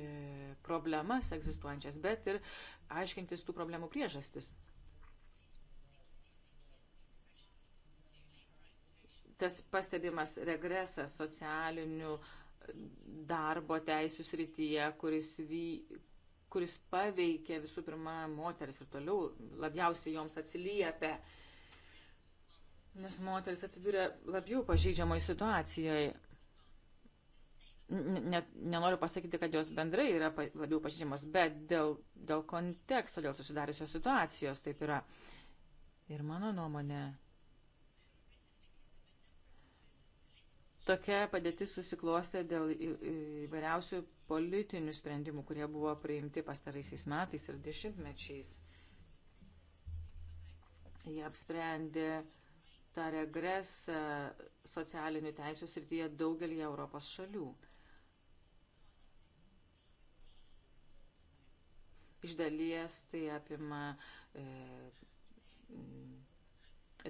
problemas egzistuojančias, bet ir aiškintis tų problemų priežastis. Tas pastebimas regresas socialinių darbo teisų srityje, kuris, vy, kuris paveikia visų pirma moteris ir toliau labiausiai joms atsiliepia. E, Nes moteris atsidūrė labiau pažeidžiamoje situacijoje. Net nenoriu pasakyti, kad jos bendrai yra labiau pažeidžiamos, bet dėl, dėl konteksto, dėl susidariusios situacijos taip yra. Ir mano nuomonė, tokia padėtis susiklostė dėl įvairiausių politinių sprendimų, kurie buvo priimti pastaraisiais metais ir dešimtmečiais. Jie apsprendė tą regresą socialinių teisų srityje daugelį Europos šalių. Iš dalies tai apima e,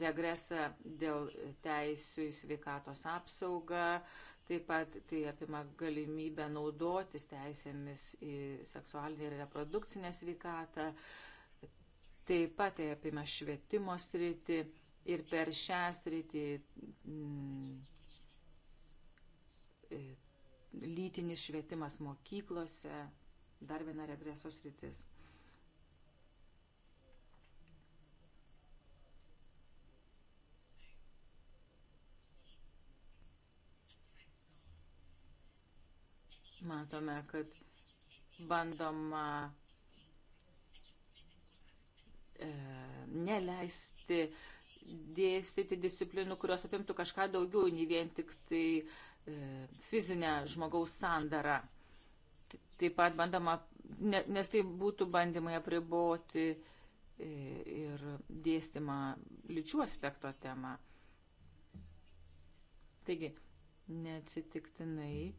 regresą dėl teisų į sveikatos apsaugą, taip pat tai apima galimybę naudotis teisėmis į seksualinę ir reprodukcinę sveikatą, taip pat tai apima švietimo sritį ir per šią sritį mm, e, lytinis švietimas mokyklose, dar viena regresos rytis. Matome, kad bandoma e, neleisti e, dėstyti disciplinų, kurios apimtų kažką daugiau nei vien tik tai e, fizinę žmogaus sandarą. Taip pat bandama, nes tai būtų bandymai apriboti e, ir dėstymą lyčių aspekto temą. Taigi, neatsitiktinai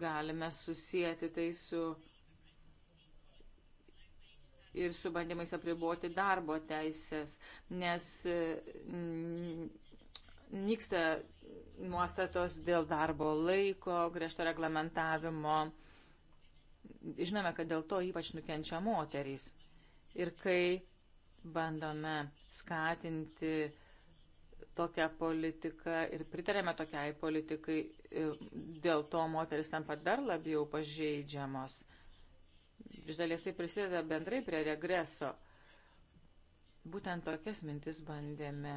galime susijęti tai su ir su bandymais apriboti darbo teisės, nes e, nyksta nuostatos dėl darbo laiko, griežto reglamentavimo. Žinome, kad dėl to ypač nukenčia moterys. Ir kai bandome skatinti tokią politiką ir pritarėme tokiai politikai, e, dėl to moteris tampa dar labiau pažeidžiamos iš dalies tai prisideda bendrai prie regreso. Būtent tokias mintis bandėme,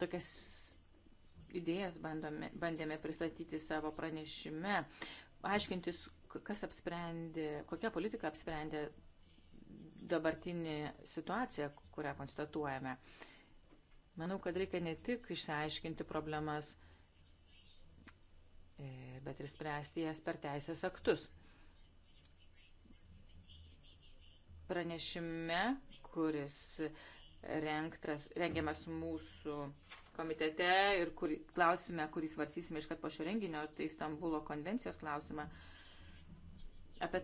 tokias idėjas bandome, bandėme pristatyti savo pranešime, aiškintis, kas apsprendė, kokia politika apsprendė dabartinį situaciją, kurią konstatuojame. Manau, kad reikia ne tik išsiaiškinti problemas, e, bet ir spręsti jas per teisės aktus. Pranešime, kuris renktas, rengiamas mūsų komitete ir kur, klausime, kurį svarstysime iškart po šio renginio, tai Stambulo konvencijos klausimą, apie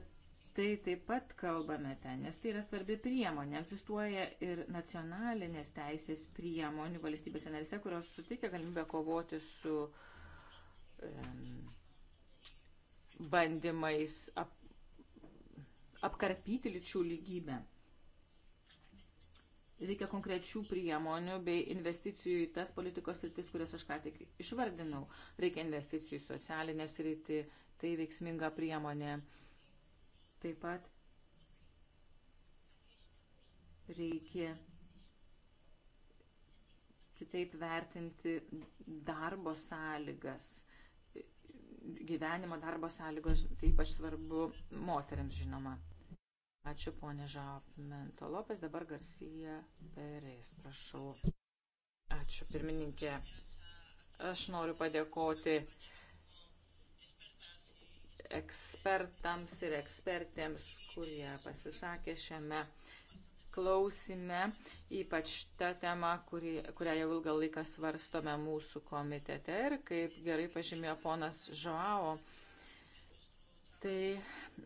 tai taip pat kalbame ten, nes tai yra svarbi priemonė. Egzistuoja ir nacionalinės teisės priemonių valstybėse narise, kurios suteikia galimybę kovoti su um, bandymais ap, apkarpyti lyčių lygybę. Reikia konkrečių priemonių bei investicijų į tas politikos rytis, kurias aš ką tik išvardinau. Reikia investicijų į socialinę sritį, tai veiksminga priemonė. Taip pat reikia kitaip vertinti darbo sąlygas, gyvenimo darbo sąlygos, tai ypač svarbu moteriams žinoma. Ačiū, ponė Žapmento Lopes. Dabar Garcija Perės, prašau. Ačiū, pirmininkė. Aš noriu padėkoti ekspertams ir ekspertėms, kurie pasisakė šiame klausime, ypač tą temą, kuri, kurią jau ilgą laiką svarstome mūsų komitete ir kaip gerai pažymėjo ponas Žoao, tai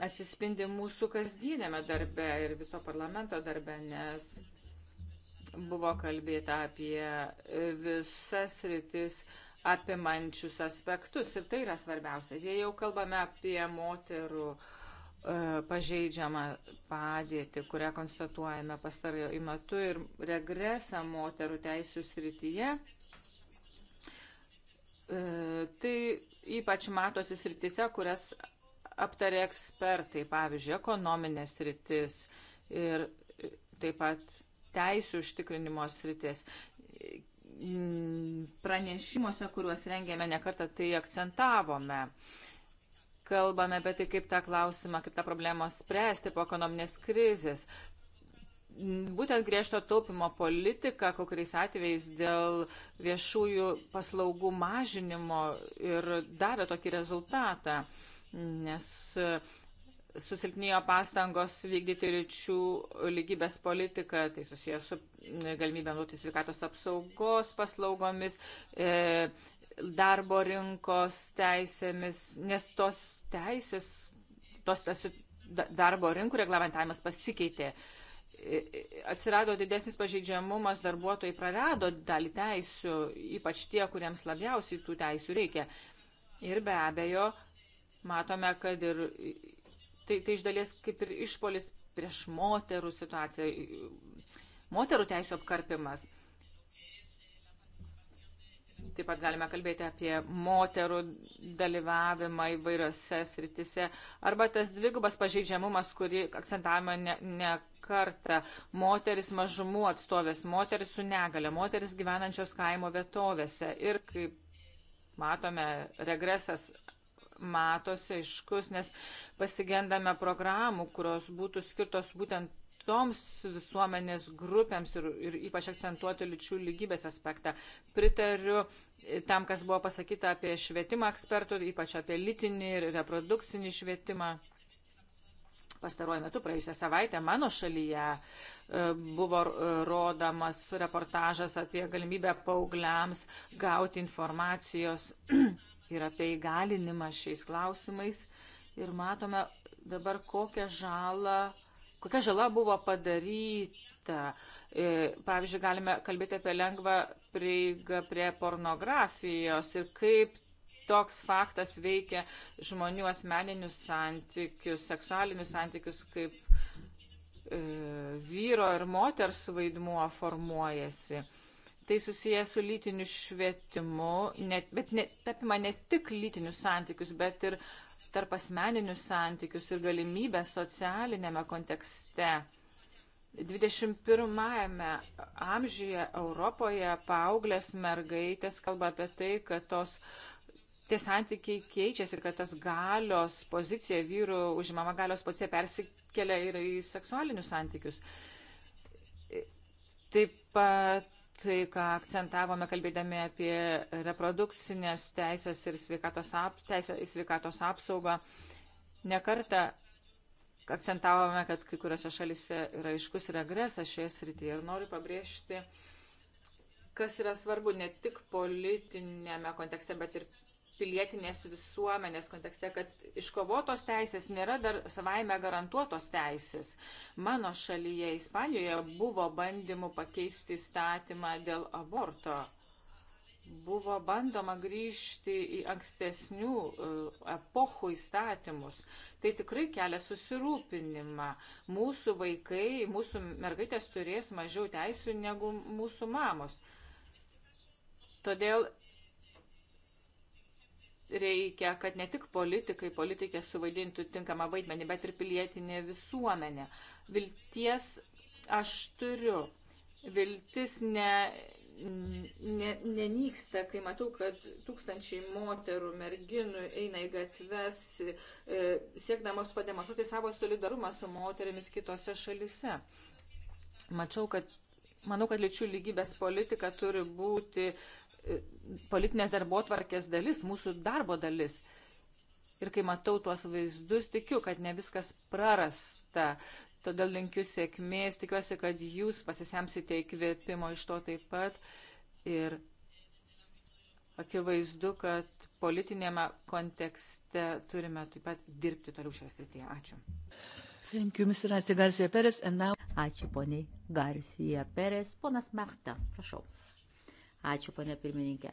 atsispindi mūsų kasdienėme darbe ir viso parlamento darbe, nes buvo kalbėta apie visas rytis apimančius aspektus ir tai yra svarbiausia. Jei jau kalbame apie moterų e, pažeidžiamą padėtį, kurią konstatuojame pastarojo į metu ir regresą moterų teisų srityje, e, tai ypač matosi srityse, kurias aptarė ekspertai, pavyzdžiui, ekonominės rytis ir taip pat teisų užtikrinimo sritis. Pranešimuose, kuriuos rengėme nekartą, tai akcentavome. Kalbame apie tai, kaip tą klausimą, kaip tą problemą spręsti po ekonominės krizės. Būtent griežto taupimo politika, kokiais atvejais dėl viešųjų paslaugų mažinimo ir davė tokį rezultatą nes e, susilpnėjo pastangos vykdyti ryčių lygybės politiką, tai susijęs su galimybė naudotis sveikatos apsaugos paslaugomis, e, darbo rinkos teisėmis, nes tos teisės, tos tas darbo rinkų reglamentavimas pasikeitė. E, e, atsirado didesnis pažeidžiamumas, darbuotojai prarado dalį teisių, ypač tie, kuriems labiausiai tų teisių reikia. Ir be abejo, Matome, kad ir tai, tai iš dalies kaip ir išpolis prieš moterų situaciją, moterų teisų apkarpimas. Taip pat galime kalbėti apie moterų dalyvavimą įvairiose sritise. Arba tas dvigubas pažeidžiamumas, kurį akcentavome ne, ne kartą. Moteris mažumų atstovės, moteris su negale, moteris gyvenančios kaimo vietovėse. Ir kaip matome, regresas matosi aiškus, nes pasigendame programų, kurios būtų skirtos būtent toms visuomenės grupėms ir, ir ypač akcentuoti lyčių lygybės aspektą. Pritariu tam, kas buvo pasakyta apie švietimą ekspertų, ypač apie litinį ir reprodukcinį švietimą. Pastaruoju metu, praėjusią savaitę, mano šalyje e, buvo rodamas reportažas apie galimybę paaugliams gauti informacijos ir apie įgalinimą šiais klausimais. Ir matome dabar, kokią žalą, kokia žala buvo padaryta. E, pavyzdžiui, galime kalbėti apie lengvą prieigą prie pornografijos ir kaip toks faktas veikia žmonių asmeninius santykius, seksualinius santykius, kaip e, vyro ir moters vaidmuo formuojasi. Tai susiję su lytiniu švietimu, net, bet ne, apima ne tik lytinius santykius, bet ir tarp asmeninius santykius ir galimybę socialinėme kontekste. 21-ame amžiuje Europoje paauglės mergaitės kalba apie tai, kad tos tie santykiai keičiasi ir kad tas galios pozicija, vyrų užimama galios pozicija persikelia ir į seksualinius santykius. Taip pat tai, ką akcentavome kalbėdami apie reprodukcinės teisės ir sveikatos, ap, teisę į sveikatos apsaugą. Nekartą akcentavome, kad kai kuriuose šalise yra aiškus regresas šioje srityje ir noriu pabrėžti, kas yra svarbu ne tik politinėme kontekste, bet ir pilietinės visuomenės kontekste, kad iškovotos teisės nėra dar savaime garantuotos teisės. Mano šalyje, Ispanijoje, buvo bandymų pakeisti statymą dėl aborto. Buvo bandoma grįžti į ankstesnių e, epochų įstatymus. Tai tikrai kelia susirūpinimą. Mūsų vaikai, mūsų mergaitės turės mažiau teisų negu mūsų mamos. Todėl reikia, kad ne tik politikai, politikė suvaidintų tinkamą vaidmenį, bet ir pilietinė visuomenė. Vilties aš turiu. Viltis ne, ne, nenyksta, kai matau, kad tūkstančiai moterų, merginų eina į gatves, e, siekdamos pademonstruoti savo solidarumą su moterimis kitose šalise. Mačiau, kad, manau, kad lyčių lygybės politika turi būti politinės darbo tvarkės dalis, mūsų darbo dalis. Ir kai matau tuos vaizdus, tikiu, kad ne viskas prarasta. Todėl linkiu sėkmės, tikiuosi, kad jūs pasisemsite įkvėpimo iš to taip pat. Ir akivaizdu, kad politinėme kontekste turime taip pat dirbti toliau šioje srityje. Ačiū. You, now... Ačiū poniai Garcia Perez. Ponas Mechta, prašau. Ačiū, ponė pirmininkė.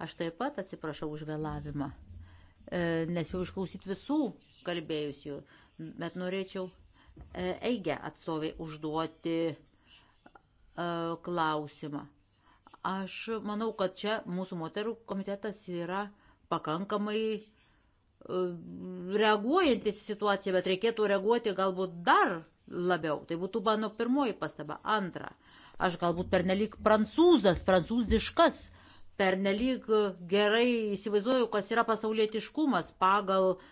Aš taip pat atsiprašau už vėlavimą, e, nes jau išklausyt visų kalbėjusių, bet norėčiau e, Eigę atsoviai užduoti e, klausimą. Aš manau, kad čia mūsų moterų komitetas yra pakankamai reaguojantis į situaciją, bet reikėtų reaguoti galbūt dar labiau. Tai būtų mano pirmoji pastaba. Antra, Aš galbūt pernelyg prancūzas, prancūziškas, pernelyg e, gerai įsivaizduoju, kas yra pasaulietiškumas pagal e,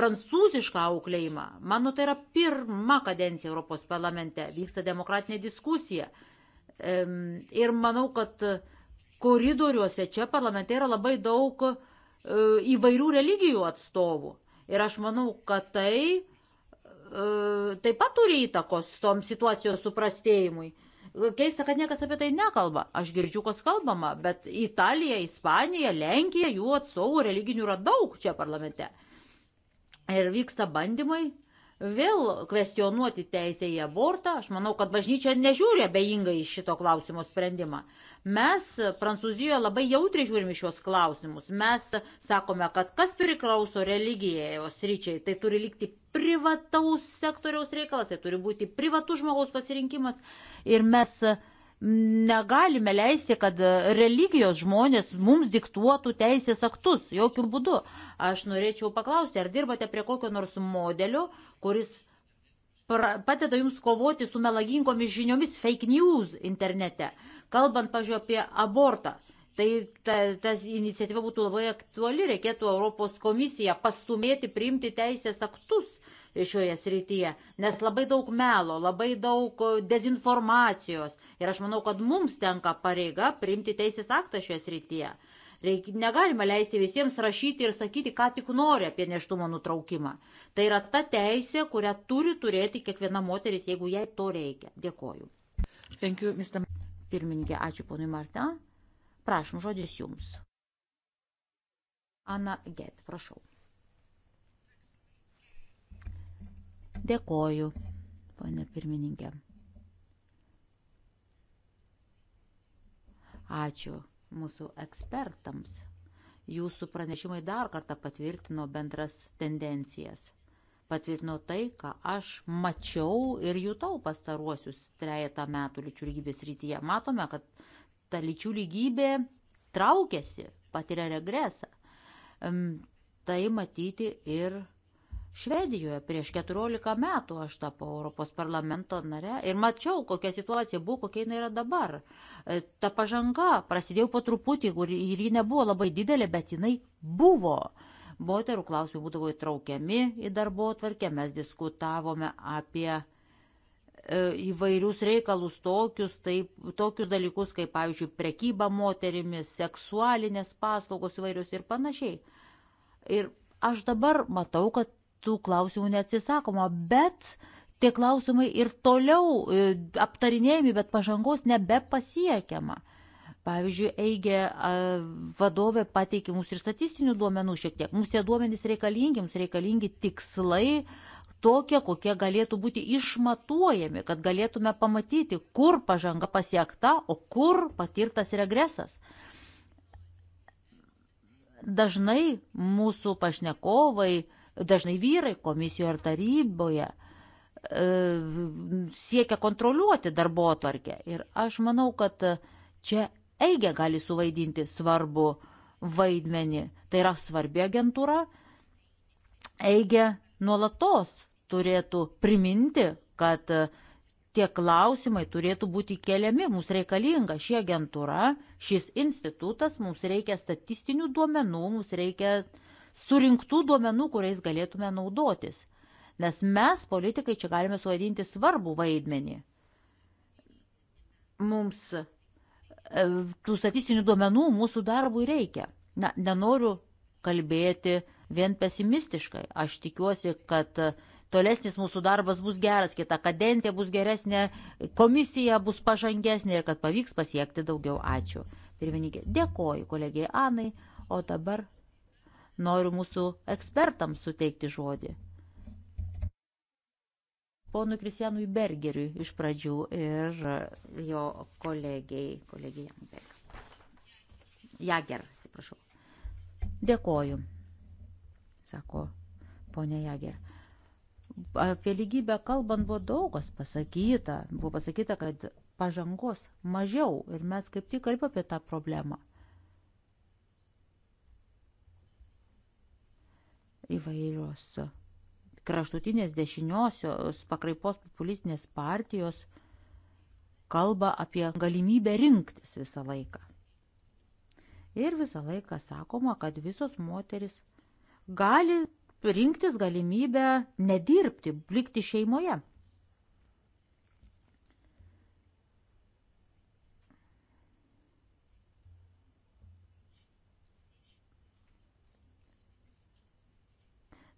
prancūzišką auklėjimą. Mano tai yra pirma kadencija Europos parlamente, vyksta demokratinė diskusija. Ir manau, kad koridoriuose čia parlamente yra labai daug e, įvairių religijų atstovų. Ir aš manau, kad tai taip pat turi įtakos tom situacijos suprastėjimui. Keista, kad niekas apie tai nekalba. Aš girdžiu, kas kalbama, bet Italija, Ispanija, Lenkija, jų atstovų religinių yra daug čia parlamente. Ir vyksta bandymai vėl kvestionuoti teisę į abortą. Aš manau, kad bažnyčia nežiūri abejingai į šito klausimo sprendimą. Mes Prancūzijoje labai jautriai žiūrime šios klausimus. Mes sakome, kad kas priklauso religijos ryčiai, tai turi likti privataus sektoriaus reikalas, tai turi būti privatus žmogaus pasirinkimas ir mes negalime leisti, kad religijos žmonės mums diktuotų teisės aktus, jokių būdų. Aš norėčiau paklausti, ar dirbate prie kokio nors modelio, kuris padeda jums kovoti su melagingomis žiniomis, fake news internete. Kalbant, pažiūrėjau, apie abortą, tai ta, tas iniciatyva būtų labai aktuali, reikėtų Europos komisiją pastumėti, priimti teisės aktus šioje srityje, nes labai daug melo, labai daug e, dezinformacijos ir aš manau, kad mums tenka pareiga priimti teisės aktą šioje srityje. Reik, negalima leisti visiems rašyti ir sakyti, ką tik nori apie neštumo nutraukimą. Tai yra ta teisė, kurią turi turėti kiekviena moteris, jeigu jai to reikia. Dėkoju. Thank you, Mr. Pirmininkė, ačiū ponui Marta. Prašom, žodis jums. Ana Get, prašau. Dėkoju, ponė pirmininkė. Ačiū mūsų ekspertams. Jūsų pranešimai dar kartą patvirtino bendras tendencijas. Patvirtino tai, ką aš mačiau ir jutau pastaruosius trejata metų lyčių lygybės rytyje. Matome, kad ta lyčių lygybė traukiasi, patiria regresą. Tai matyti ir Švedijoje prieš 14 metų aš tapau Europos parlamento nare ir mačiau, kokia situacija buvo, kokia jinai yra dabar. E, ta pažanga prasidėjo po truputį ir ji nebuvo labai didelė, bet jinai buvo. Moterų klausimai būdavo įtraukiami į darbo atvarkę, mes diskutavome apie e, įvairius reikalus tokius, taip, tokius dalykus, kaip pavyzdžiui, prekyba moterimis, seksualinės paslaugos įvairius ir panašiai. Ir aš dabar matau, kad tų klausimų neatsisakoma, bet tie klausimai ir toliau e, aptarinėjami, bet pažangos nebepasiekiama. Pavyzdžiui, Eigė vadovė pateikė mums ir statistinių duomenų šiek tiek. Mums tie duomenys reikalingi, mums reikalingi tikslai tokie, kokie galėtų būti išmatuojami, kad galėtume pamatyti, kur pažanga pasiekta, o kur patirtas regresas. Dažnai mūsų pašnekovai dažnai vyrai komisijoje ar taryboje e, siekia kontroliuoti darbo atvarkę. Ir aš manau, kad čia Eigė gali suvaidinti svarbu vaidmenį. Tai yra svarbi agentūra. Eigė nuolatos turėtų priminti, kad tie klausimai turėtų būti keliami, mums reikalinga ši agentūra, šis institutas, mums reikia statistinių duomenų, mums reikia uh, surinktų duomenų, kuriais galėtume naudotis. Nes mes, politikai, čia galime suvaidinti svarbų vaidmenį. Mums e, tų statistinių duomenų mūsų darbui reikia. Na, nenoriu kalbėti vien pesimistiškai. Aš tikiuosi, kad tolesnis mūsų darbas bus geras, kita kadencija bus geresnė, komisija bus pažangesnė ir kad pavyks pasiekti daugiau. Ačiū. Pirmininkė, dėkoju kolegijai Anai, o dabar Noriu mūsų ekspertams suteikti žodį. Ponui Kristianui Bergeriui iš pradžių ir jo kolegijai, kolegijai Jamberg. Jager, atsiprašau. Dėkoju, sako ponė Jager. Apie lygybę kalbant buvo daugas pasakyta. Buvo pasakyta, kad pažangos mažiau ir mes kaip tik kalbame apie tą problemą. įvairios kraštutinės dešiniosios pakraipos populistinės partijos kalba apie galimybę rinktis visą laiką. Ir visą laiką sakoma, kad visos moteris gali rinktis galimybę nedirbti, likti šeimoje.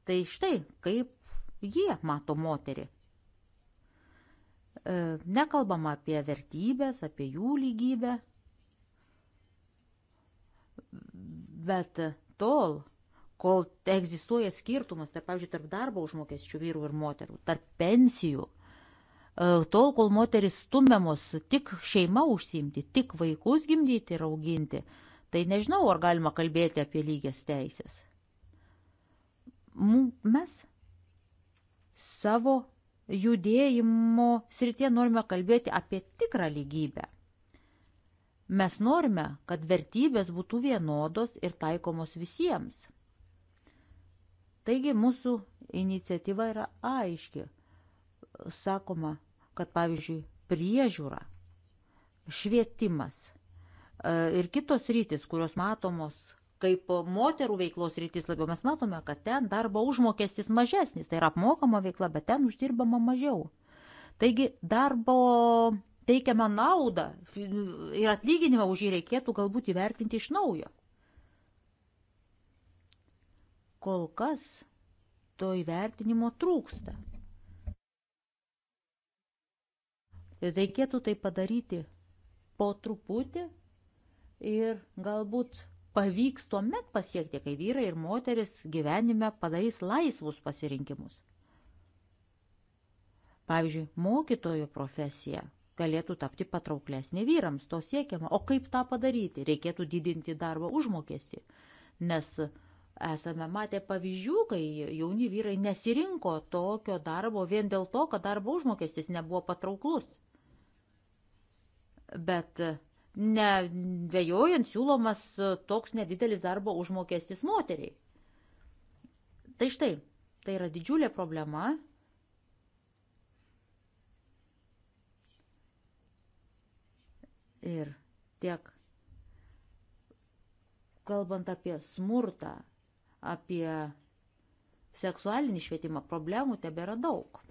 Tai štai, kaip jie mato moterį. E, nekalbama apie vertybės, apie jų lygybę, bet tol, kol egzistuoja skirtumas, tarp, pavyzdžiui, tarp darbo užmokesčių vyrų ir moterų, tarp pensijų, e, tol, kol moteris stumiamos tik šeima užsimti, tik vaikus gimdyti ir auginti, tai nežinau, ar galima kalbėti apie lygias teisės. Mes savo judėjimo srityje norime kalbėti apie tikrą lygybę. Mes norime, kad vertybės būtų vienodos ir taikomos visiems. Taigi mūsų iniciatyva yra aiški. Sakoma, kad pavyzdžiui priežiūra, švietimas e, ir kitos rytis, kurios matomos kaip moterų veiklos rytis labiau mes matome, kad ten darbo užmokestis mažesnis, tai yra apmokama veikla, bet ten uždirbama mažiau. Taigi darbo teikiamą naudą ir atlyginimą už jį reikėtų galbūt įvertinti iš naujo. Kol kas to įvertinimo trūksta. Reikėtų tai padaryti po truputį ir galbūt pavyks tuomet pasiekti, kai vyrai ir moteris gyvenime padarys laisvus pasirinkimus. Pavyzdžiui, mokytojo profesija galėtų tapti patrauklesnė vyrams, to siekiama. O kaip tą padaryti? Reikėtų didinti darbo užmokestį, nes esame matę pavyzdžių, kai jauni vyrai nesirinko tokio darbo vien dėl to, kad darbo užmokestis nebuvo patrauklus. Bet nedvėjojant siūlomas e, toks nedidelis darbo užmokestis moteriai. Tai štai, tai yra didžiulė problema. Ir tiek, kalbant apie smurtą, apie seksualinį švietimą, problemų tebėra daug.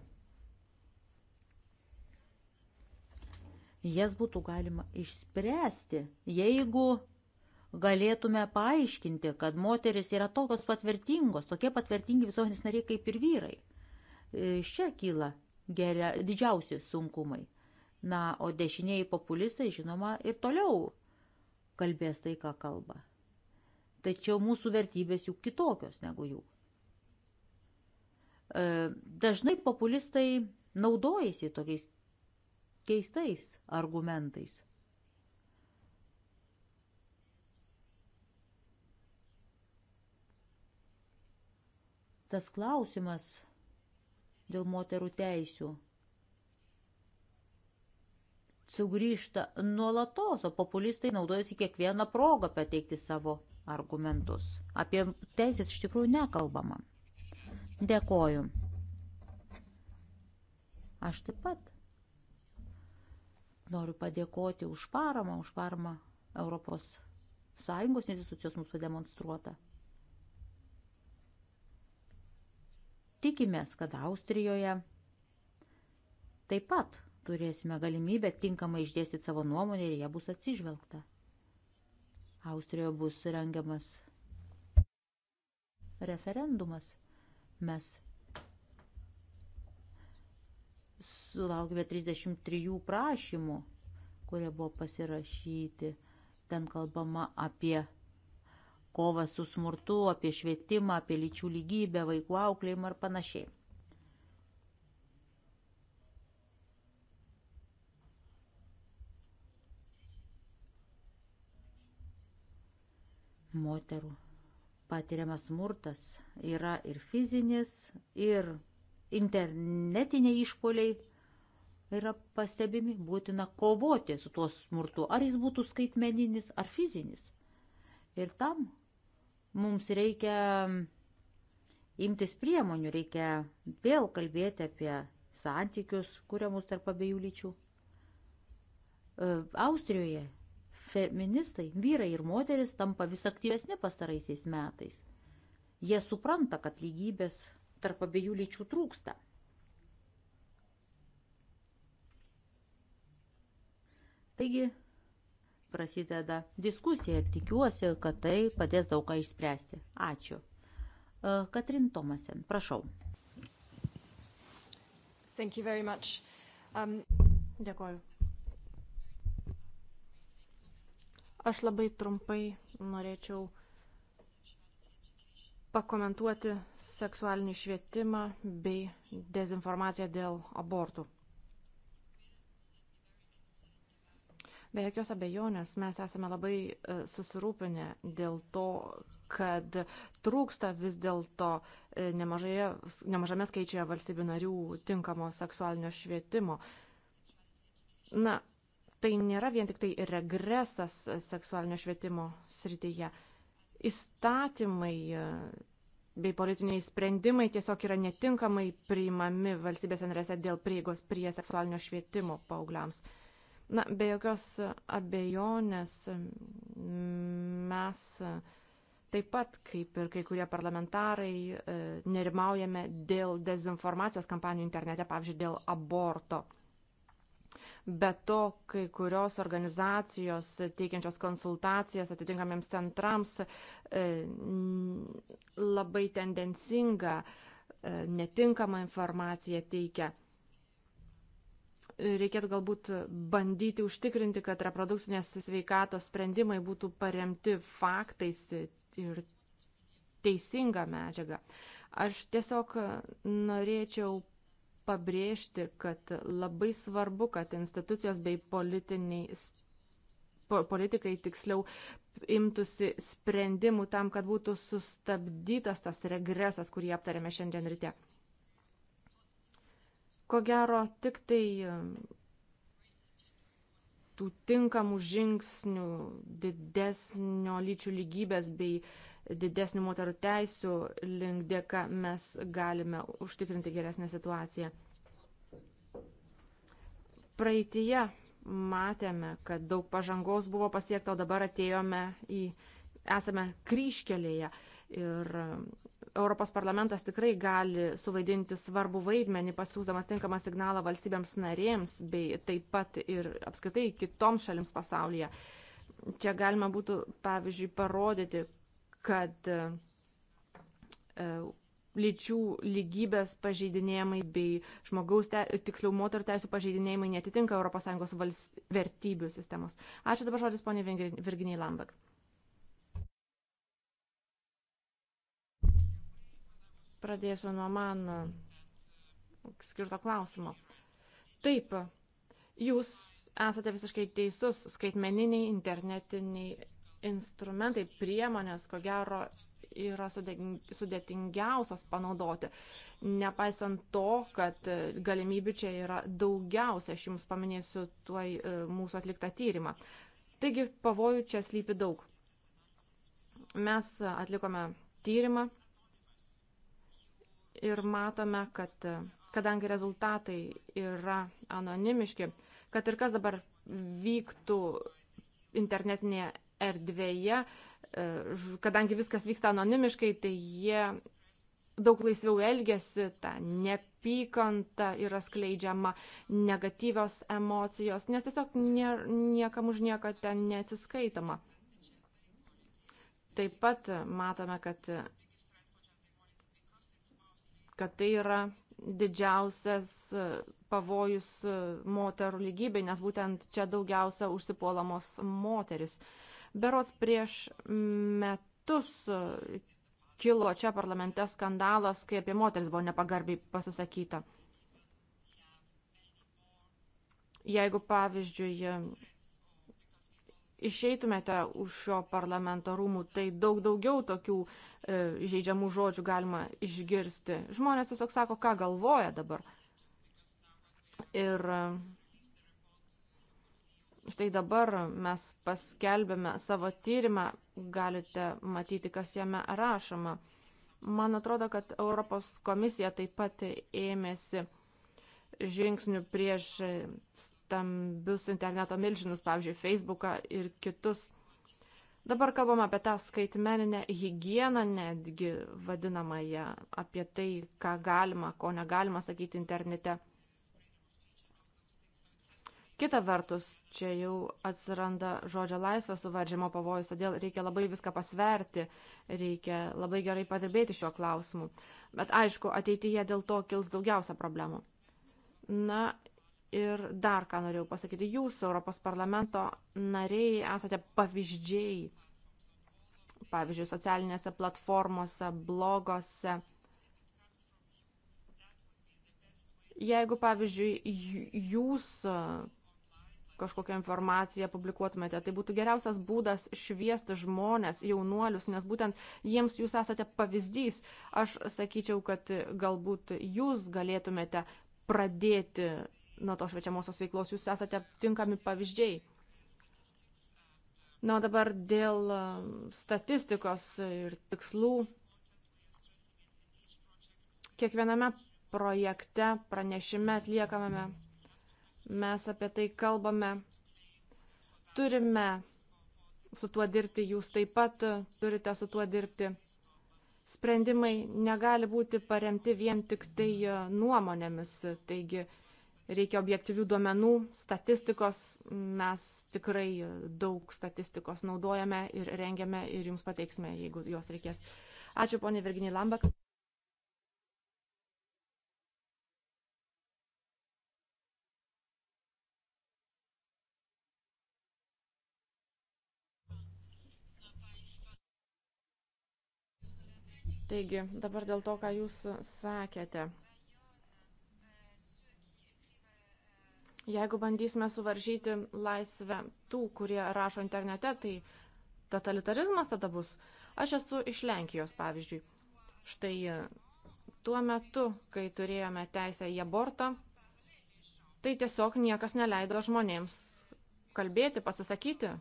jas būtų galima išspręsti, jeigu galėtume paaiškinti, kad moteris yra tokios patvertingos, tokie patvertingi visuomenės nariai kaip ir vyrai. Iš e, čia kyla geria, didžiausi sunkumai. Na, o dešiniai populistai, žinoma, ir toliau kalbės tai, ką kalba. Tačiau mūsų vertybės juk kitokios negu jų. E, dažnai populistai naudojasi tokiais keistais argumentais. Tas klausimas dėl moterų teisių sugrįžta nuolatos, o populistai naudojasi kiekvieną progą pateikti savo argumentus. Apie teisės iš tikrųjų nekalbama. Dėkoju. Aš taip pat Noriu padėkoti už paramą, už paramą Europos Sąjungos institucijos mūsų demonstruota. Tikimės, kad Austrijoje taip pat turėsime galimybę tinkamai išdėstyti savo nuomonę ir jie bus atsižvelgta. Austrijoje bus rengiamas referendumas. Mes sulaukime 33 prašymų, kurie buvo pasirašyti. Ten kalbama apie kovą su smurtu, apie švietimą, apie lyčių lygybę, vaikų auklėjimą ir panašiai. Moterų patiriamas smurtas yra ir fizinis, ir internetiniai išpoliai yra pastebimi, būtina kovoti su tuo smurtu, ar jis būtų skaitmeninis ar fizinis. Ir tam mums reikia imtis priemonių, reikia vėl kalbėti apie santykius, kuriamus tarp abiejų lyčių. E, Austrijoje feministai, vyrai ir moteris tampa vis aktyvesni pastaraisiais metais. Jie supranta, kad lygybės tarp abiejų lyčių trūksta. Taigi prasideda diskusija ir tikiuosi, kad tai padės daug ką išspręsti. Ačiū. E, Katrin Tomasen, prašau. Thank you very much. Um, Dėkoju. Aš labai trumpai norėčiau pakomentuoti seksualinį švietimą bei dezinformaciją dėl abortų. Be jokios abejonės mes esame labai e, susirūpinę dėl to, kad trūksta vis dėlto e, nemažame skaičiuje valstybių narių tinkamo seksualinio švietimo. Na, tai nėra vien tik tai regresas seksualinio švietimo srityje įstatymai e, bei politiniai sprendimai tiesiog yra netinkamai priimami valstybės narėse dėl prieigos prie seksualinio švietimo paaugliams. Na, be jokios abejonės mes taip pat, kaip ir kai kurie parlamentarai, e, nerimaujame dėl dezinformacijos kampanijų internete, pavyzdžiui, dėl aborto. Be to, kai kurios organizacijos teikiančios konsultacijas atitinkamiems centrams e, labai tendencinga, e, netinkama informacija teikia reikėtų galbūt bandyti užtikrinti, kad reprodukcinės sveikatos sprendimai būtų paremti faktais ir teisinga medžiaga. Aš tiesiog norėčiau pabrėžti, kad labai svarbu, kad institucijos bei politiniai, po, politikai tiksliau imtųsi sprendimų tam, kad būtų sustabdytas tas regresas, kurį aptarėme šiandien ryte. Ko gero, tik tai tų tinkamų žingsnių didesnio lyčių lygybės bei uh, didesnių moterų teisų link dėka mes galime užtikrinti geresnę situaciją. Praeitie matėme, kad daug pažangos buvo pasiekta, o dabar atėjome į, esame kryškelėje. Ir Europos parlamentas tikrai gali suvaidinti svarbų vaidmenį, pasiūsdamas tinkamą signalą valstybėms narėms, bei taip pat ir apskritai kitoms šalims pasaulyje. Čia galima būtų, pavyzdžiui, parodyti, kad e, e, lyčių lygybės pažeidinėjimai bei žmogaus, te, tiksliau, moterų teisų pažeidinėjimai netitinka ES valst, vertybių sistemos. Ačiū dabar žodis ponė Virginiai Lambek. Pradėsiu nuo man e, skirto klausimo. Taip, jūs esate visiškai teisus, skaitmeniniai, internetiniai instrumentai, priemonės, ko gero, yra sudėtingiausios panaudoti. Nepaisant to, kad galimybių čia yra daugiausia, aš jums paminėsiu tuoj e, mūsų atliktą tyrimą. Taigi, pavojų čia slypi daug. Mes atlikome tyrimą ir matome, kad e, kadangi rezultatai yra anonimiški, kad ir kas dabar vyktų internetinėje erdvėje, e, kadangi viskas vyksta anonimiškai, tai jie daug laisviau elgesi, ta nepykanta yra skleidžiama, negatyvios emocijos, nes tiesiog nie, niekam už nieką ten neatsiskaitama. Taip pat matome, kad, kad tai yra didžiausias pavojus moterų lygybei, nes būtent čia daugiausia užsipuolamos moteris. Uh, Berots prieš metus e, kilo čia parlamente skandalas, kai apie moteris buvo nepagarbiai pasisakyta. Jeigu, pavyzdžiui, išeitumėte už šio parlamento rūmų, tai daug daugiau tokių e, žaidžiamų žodžių galima išgirsti. Žmonės tiesiog sako, ką galvoja dabar. Ir e, Štai dabar mes paskelbėme savo tyrimą, galite matyti, kas jame rašoma. Man atrodo, kad Europos komisija taip pat ėmėsi žingsnių prieš stambius interneto milžinus, pavyzdžiui, Facebooką ir kitus. Dabar kalbam apie tą skaitmeninę higieną, netgi vadinamąją, apie tai, ką galima, ko negalima sakyti internete. Kita vertus, čia jau atsiranda žodžio laisvės suvaržymo pavojus, todėl reikia labai viską pasverti, reikia labai gerai padirbėti šiuo klausimu. Bet aišku, ateityje dėl to kils daugiausia problemų. Na ir dar ką norėjau pasakyti, jūs Europos parlamento nariai esate pavyzdžiai, pavyzdžiui, socialinėse platformose, blogose. Jeigu, pavyzdžiui, jūs kažkokią informaciją publikuotumėte. Tai būtų geriausias būdas šviesti žmonės, jaunuolius, nes būtent jiems jūs esate pavyzdys. Aš sakyčiau, kad galbūt jūs galėtumėte pradėti nuo to švečiamosios veiklos, jūs esate tinkami pavyzdžiai. Na, dabar dėl um, statistikos ir tikslų. Kiekviename projekte, pranešime atliekamame. Mm mes apie tai kalbame. Turime su tuo dirbti, jūs taip pat turite su tuo dirbti. Sprendimai negali būti paremti vien tik tai e, nuomonėmis, taigi reikia objektyvių duomenų, statistikos, mes tikrai daug statistikos naudojame ir rengiame ir jums pateiksime, jeigu jos reikės. Ačiū poniai Virginiai Lambak. Taigi, dabar dėl to, ką jūs sakėte. Jeigu bandysime suvaržyti laisvę tų, kurie rašo internete, tai totalitarizmas tada bus. Aš esu iš Lenkijos, pavyzdžiui. Štai tuo metu, kai turėjome teisę į abortą, tai tiesiog niekas neleido žmonėms kalbėti, pasisakyti,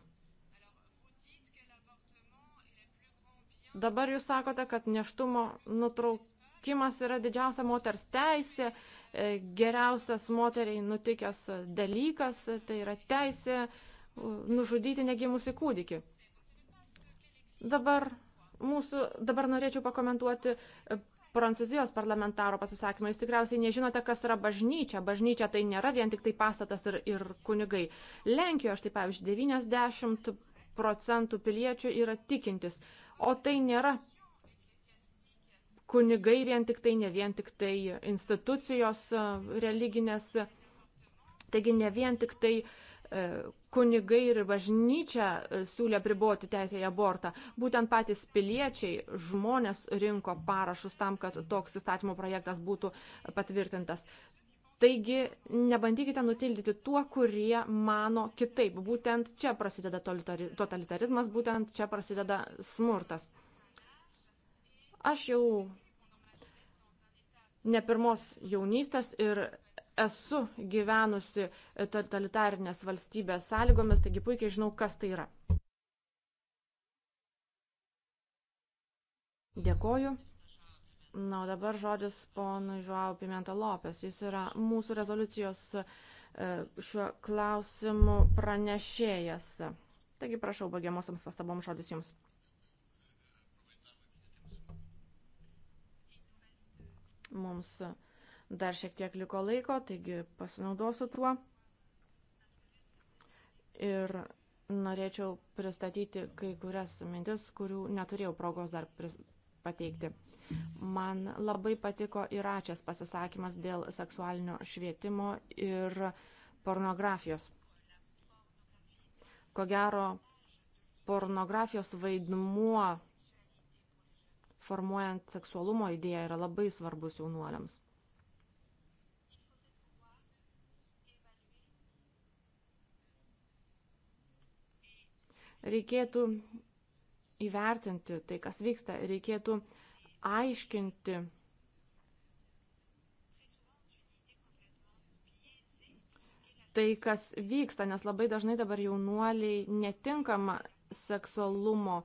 Dabar jūs sakote, kad neštumo nutraukimas yra didžiausia moters teisė, e, geriausias moteriai nutikęs dalykas, tai yra teisė nužudyti negimusi kūdikį. Dabar, mūsų, dabar norėčiau pakomentuoti e, prancūzijos parlamentaro pasisakymą. Jūs tikriausiai nežinote, kas yra bažnyčia. Bažnyčia tai nėra vien tik tai pastatas ir, ir kunigai. Lenkijoje, štai pavyzdžiui, 90 procentų piliečių yra tikintis. O tai nėra kunigai vien tik tai, ne vien tik tai institucijos e, religinės, taigi ne vien tik tai e, kunigai ir bažnyčia e, siūlė priboti teisę į abortą. Būtent patys piliečiai, žmonės rinko parašus tam, kad toks įstatymo projektas būtų patvirtintas. Taigi nebandykite nutildyti tuo, kurie mano kitaip. Būtent čia prasideda totalitarizmas, būtent čia prasideda smurtas. Aš jau ne pirmos jaunystės ir esu gyvenusi totalitarinės valstybės sąlygomis, taigi puikiai žinau, kas tai yra. Dėkoju. Na, o dabar žodis ponui Žuau Pimenta Lopes. Jis yra mūsų rezoliucijos e, šiuo klausimu pranešėjas. Taigi, prašau, baigiamosiams pastaboms žodis jums. Mums dar šiek tiek liko laiko, taigi pasinaudosiu tuo. Ir norėčiau pristatyti kai kurias mintis, kurių neturėjau progos dar pateikti. Man labai patiko Iračės pasisakymas dėl seksualinio švietimo ir pornografijos. Ko gero, pornografijos vaidmuo formuojant seksualumo idėją yra labai svarbus jaunuoliams. Reikėtų įvertinti tai, kas vyksta, reikėtų uh, aiškinti tai, kas vyksta, nes labai dažnai dabar jaunuoliai netinkama seksualumo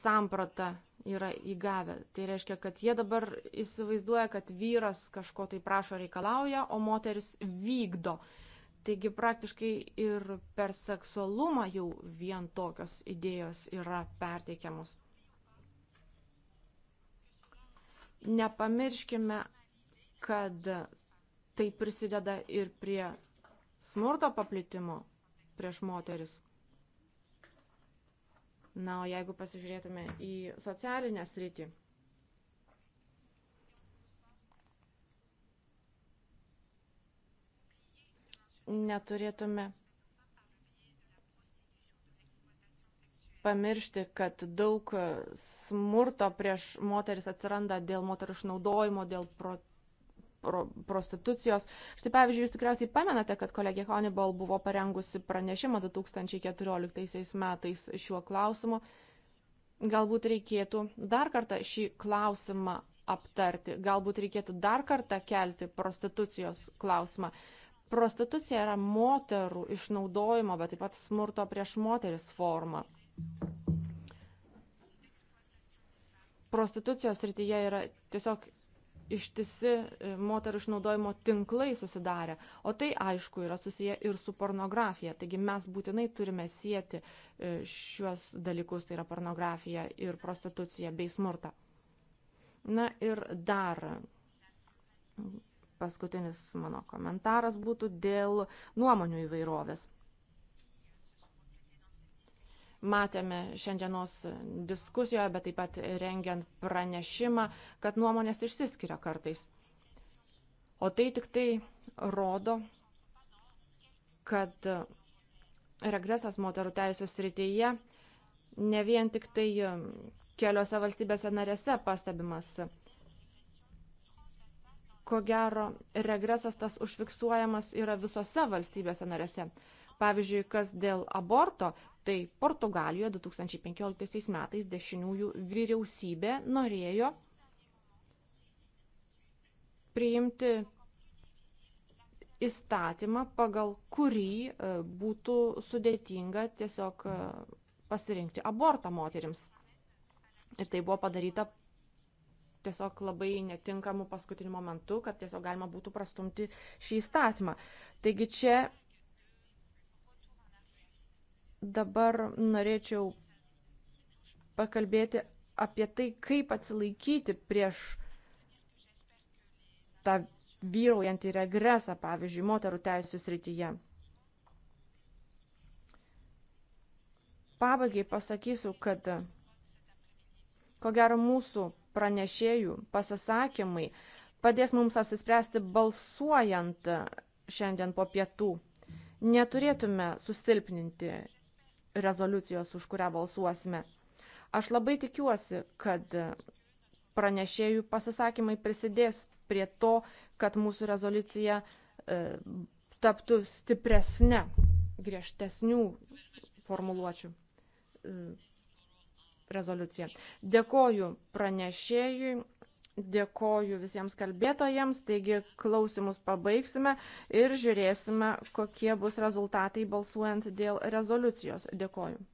samprata yra įgavę. Tai reiškia, kad jie dabar įsivaizduoja, kad vyras kažko tai prašo reikalauja, o moteris vykdo. Taigi praktiškai ir per seksualumą jau vien tokios idėjos yra perteikiamos. Nepamirškime, kad tai prisideda ir prie smurto paplitimo prieš moteris. Na, o jeigu pasižiūrėtume į socialinę sritį. Neturėtume pamiršti, kad daug smurto prieš moteris atsiranda dėl moterų išnaudojimo, dėl pro, pro, prostitucijos. Štai pavyzdžiui, jūs tikriausiai pamenate, kad kolegė Honeybal buvo parengusi pranešimą 2014 metais šiuo klausimu. Galbūt reikėtų dar kartą šį klausimą aptarti, galbūt reikėtų dar kartą kelti prostitucijos klausimą. Prostitucija yra moterų išnaudojimo, bet taip pat smurto prieš moteris forma. Prostitucijos rytyje yra tiesiog ištisi e, moterų išnaudojimo tinklai susidarę, o tai aišku yra susiję ir su pornografija. Taigi mes būtinai turime sieti e, šiuos dalykus, tai yra pornografija ir prostitucija bei smurta. Na ir dar paskutinis mano komentaras būtų dėl nuomonių įvairovės matėme šiandienos diskusijoje, bet taip pat rengiant pranešimą, kad nuomonės išsiskiria kartais. O tai tik tai rodo, kad regresas moterų teisų srityje ne vien tik tai keliose valstybėse narėse pastebimas. Ko gero, regresas tas užfiksuojamas yra visose valstybėse narėse. Pavyzdžiui, kas dėl aborto, Štai Portugalijoje 2015 metais dešiniųjų vyriausybė norėjo priimti įstatymą, pagal kurį e, būtų sudėtinga tiesiog e, pasirinkti abortą moterims. Ir tai buvo padaryta tiesiog labai netinkamų paskutiniu momentu, kad tiesiog galima būtų prastumti šį įstatymą. Taigi čia Dabar norėčiau pakalbėti apie tai, kaip atsilaikyti prieš tą vyraujantį regresą, pavyzdžiui, moterų teisų srityje. Pabaigai pasakysiu, kad ko gero mūsų pranešėjų pasisakymai padės mums apsispręsti balsuojant šiandien po pietų. Neturėtume susilpninti rezoliucijos, už kurią balsuosime. Aš labai tikiuosi, kad pranešėjų pasisakymai prisidės prie to, kad mūsų rezoliucija e, taptų stipresnė, griežtesnių formuluočių e, rezoliucija. Dėkoju pranešėjui Dėkoju visiems kalbėtojams, taigi klausimus pabaigsime ir žiūrėsime, kokie bus rezultatai balsuojant dėl rezoliucijos. Dėkoju.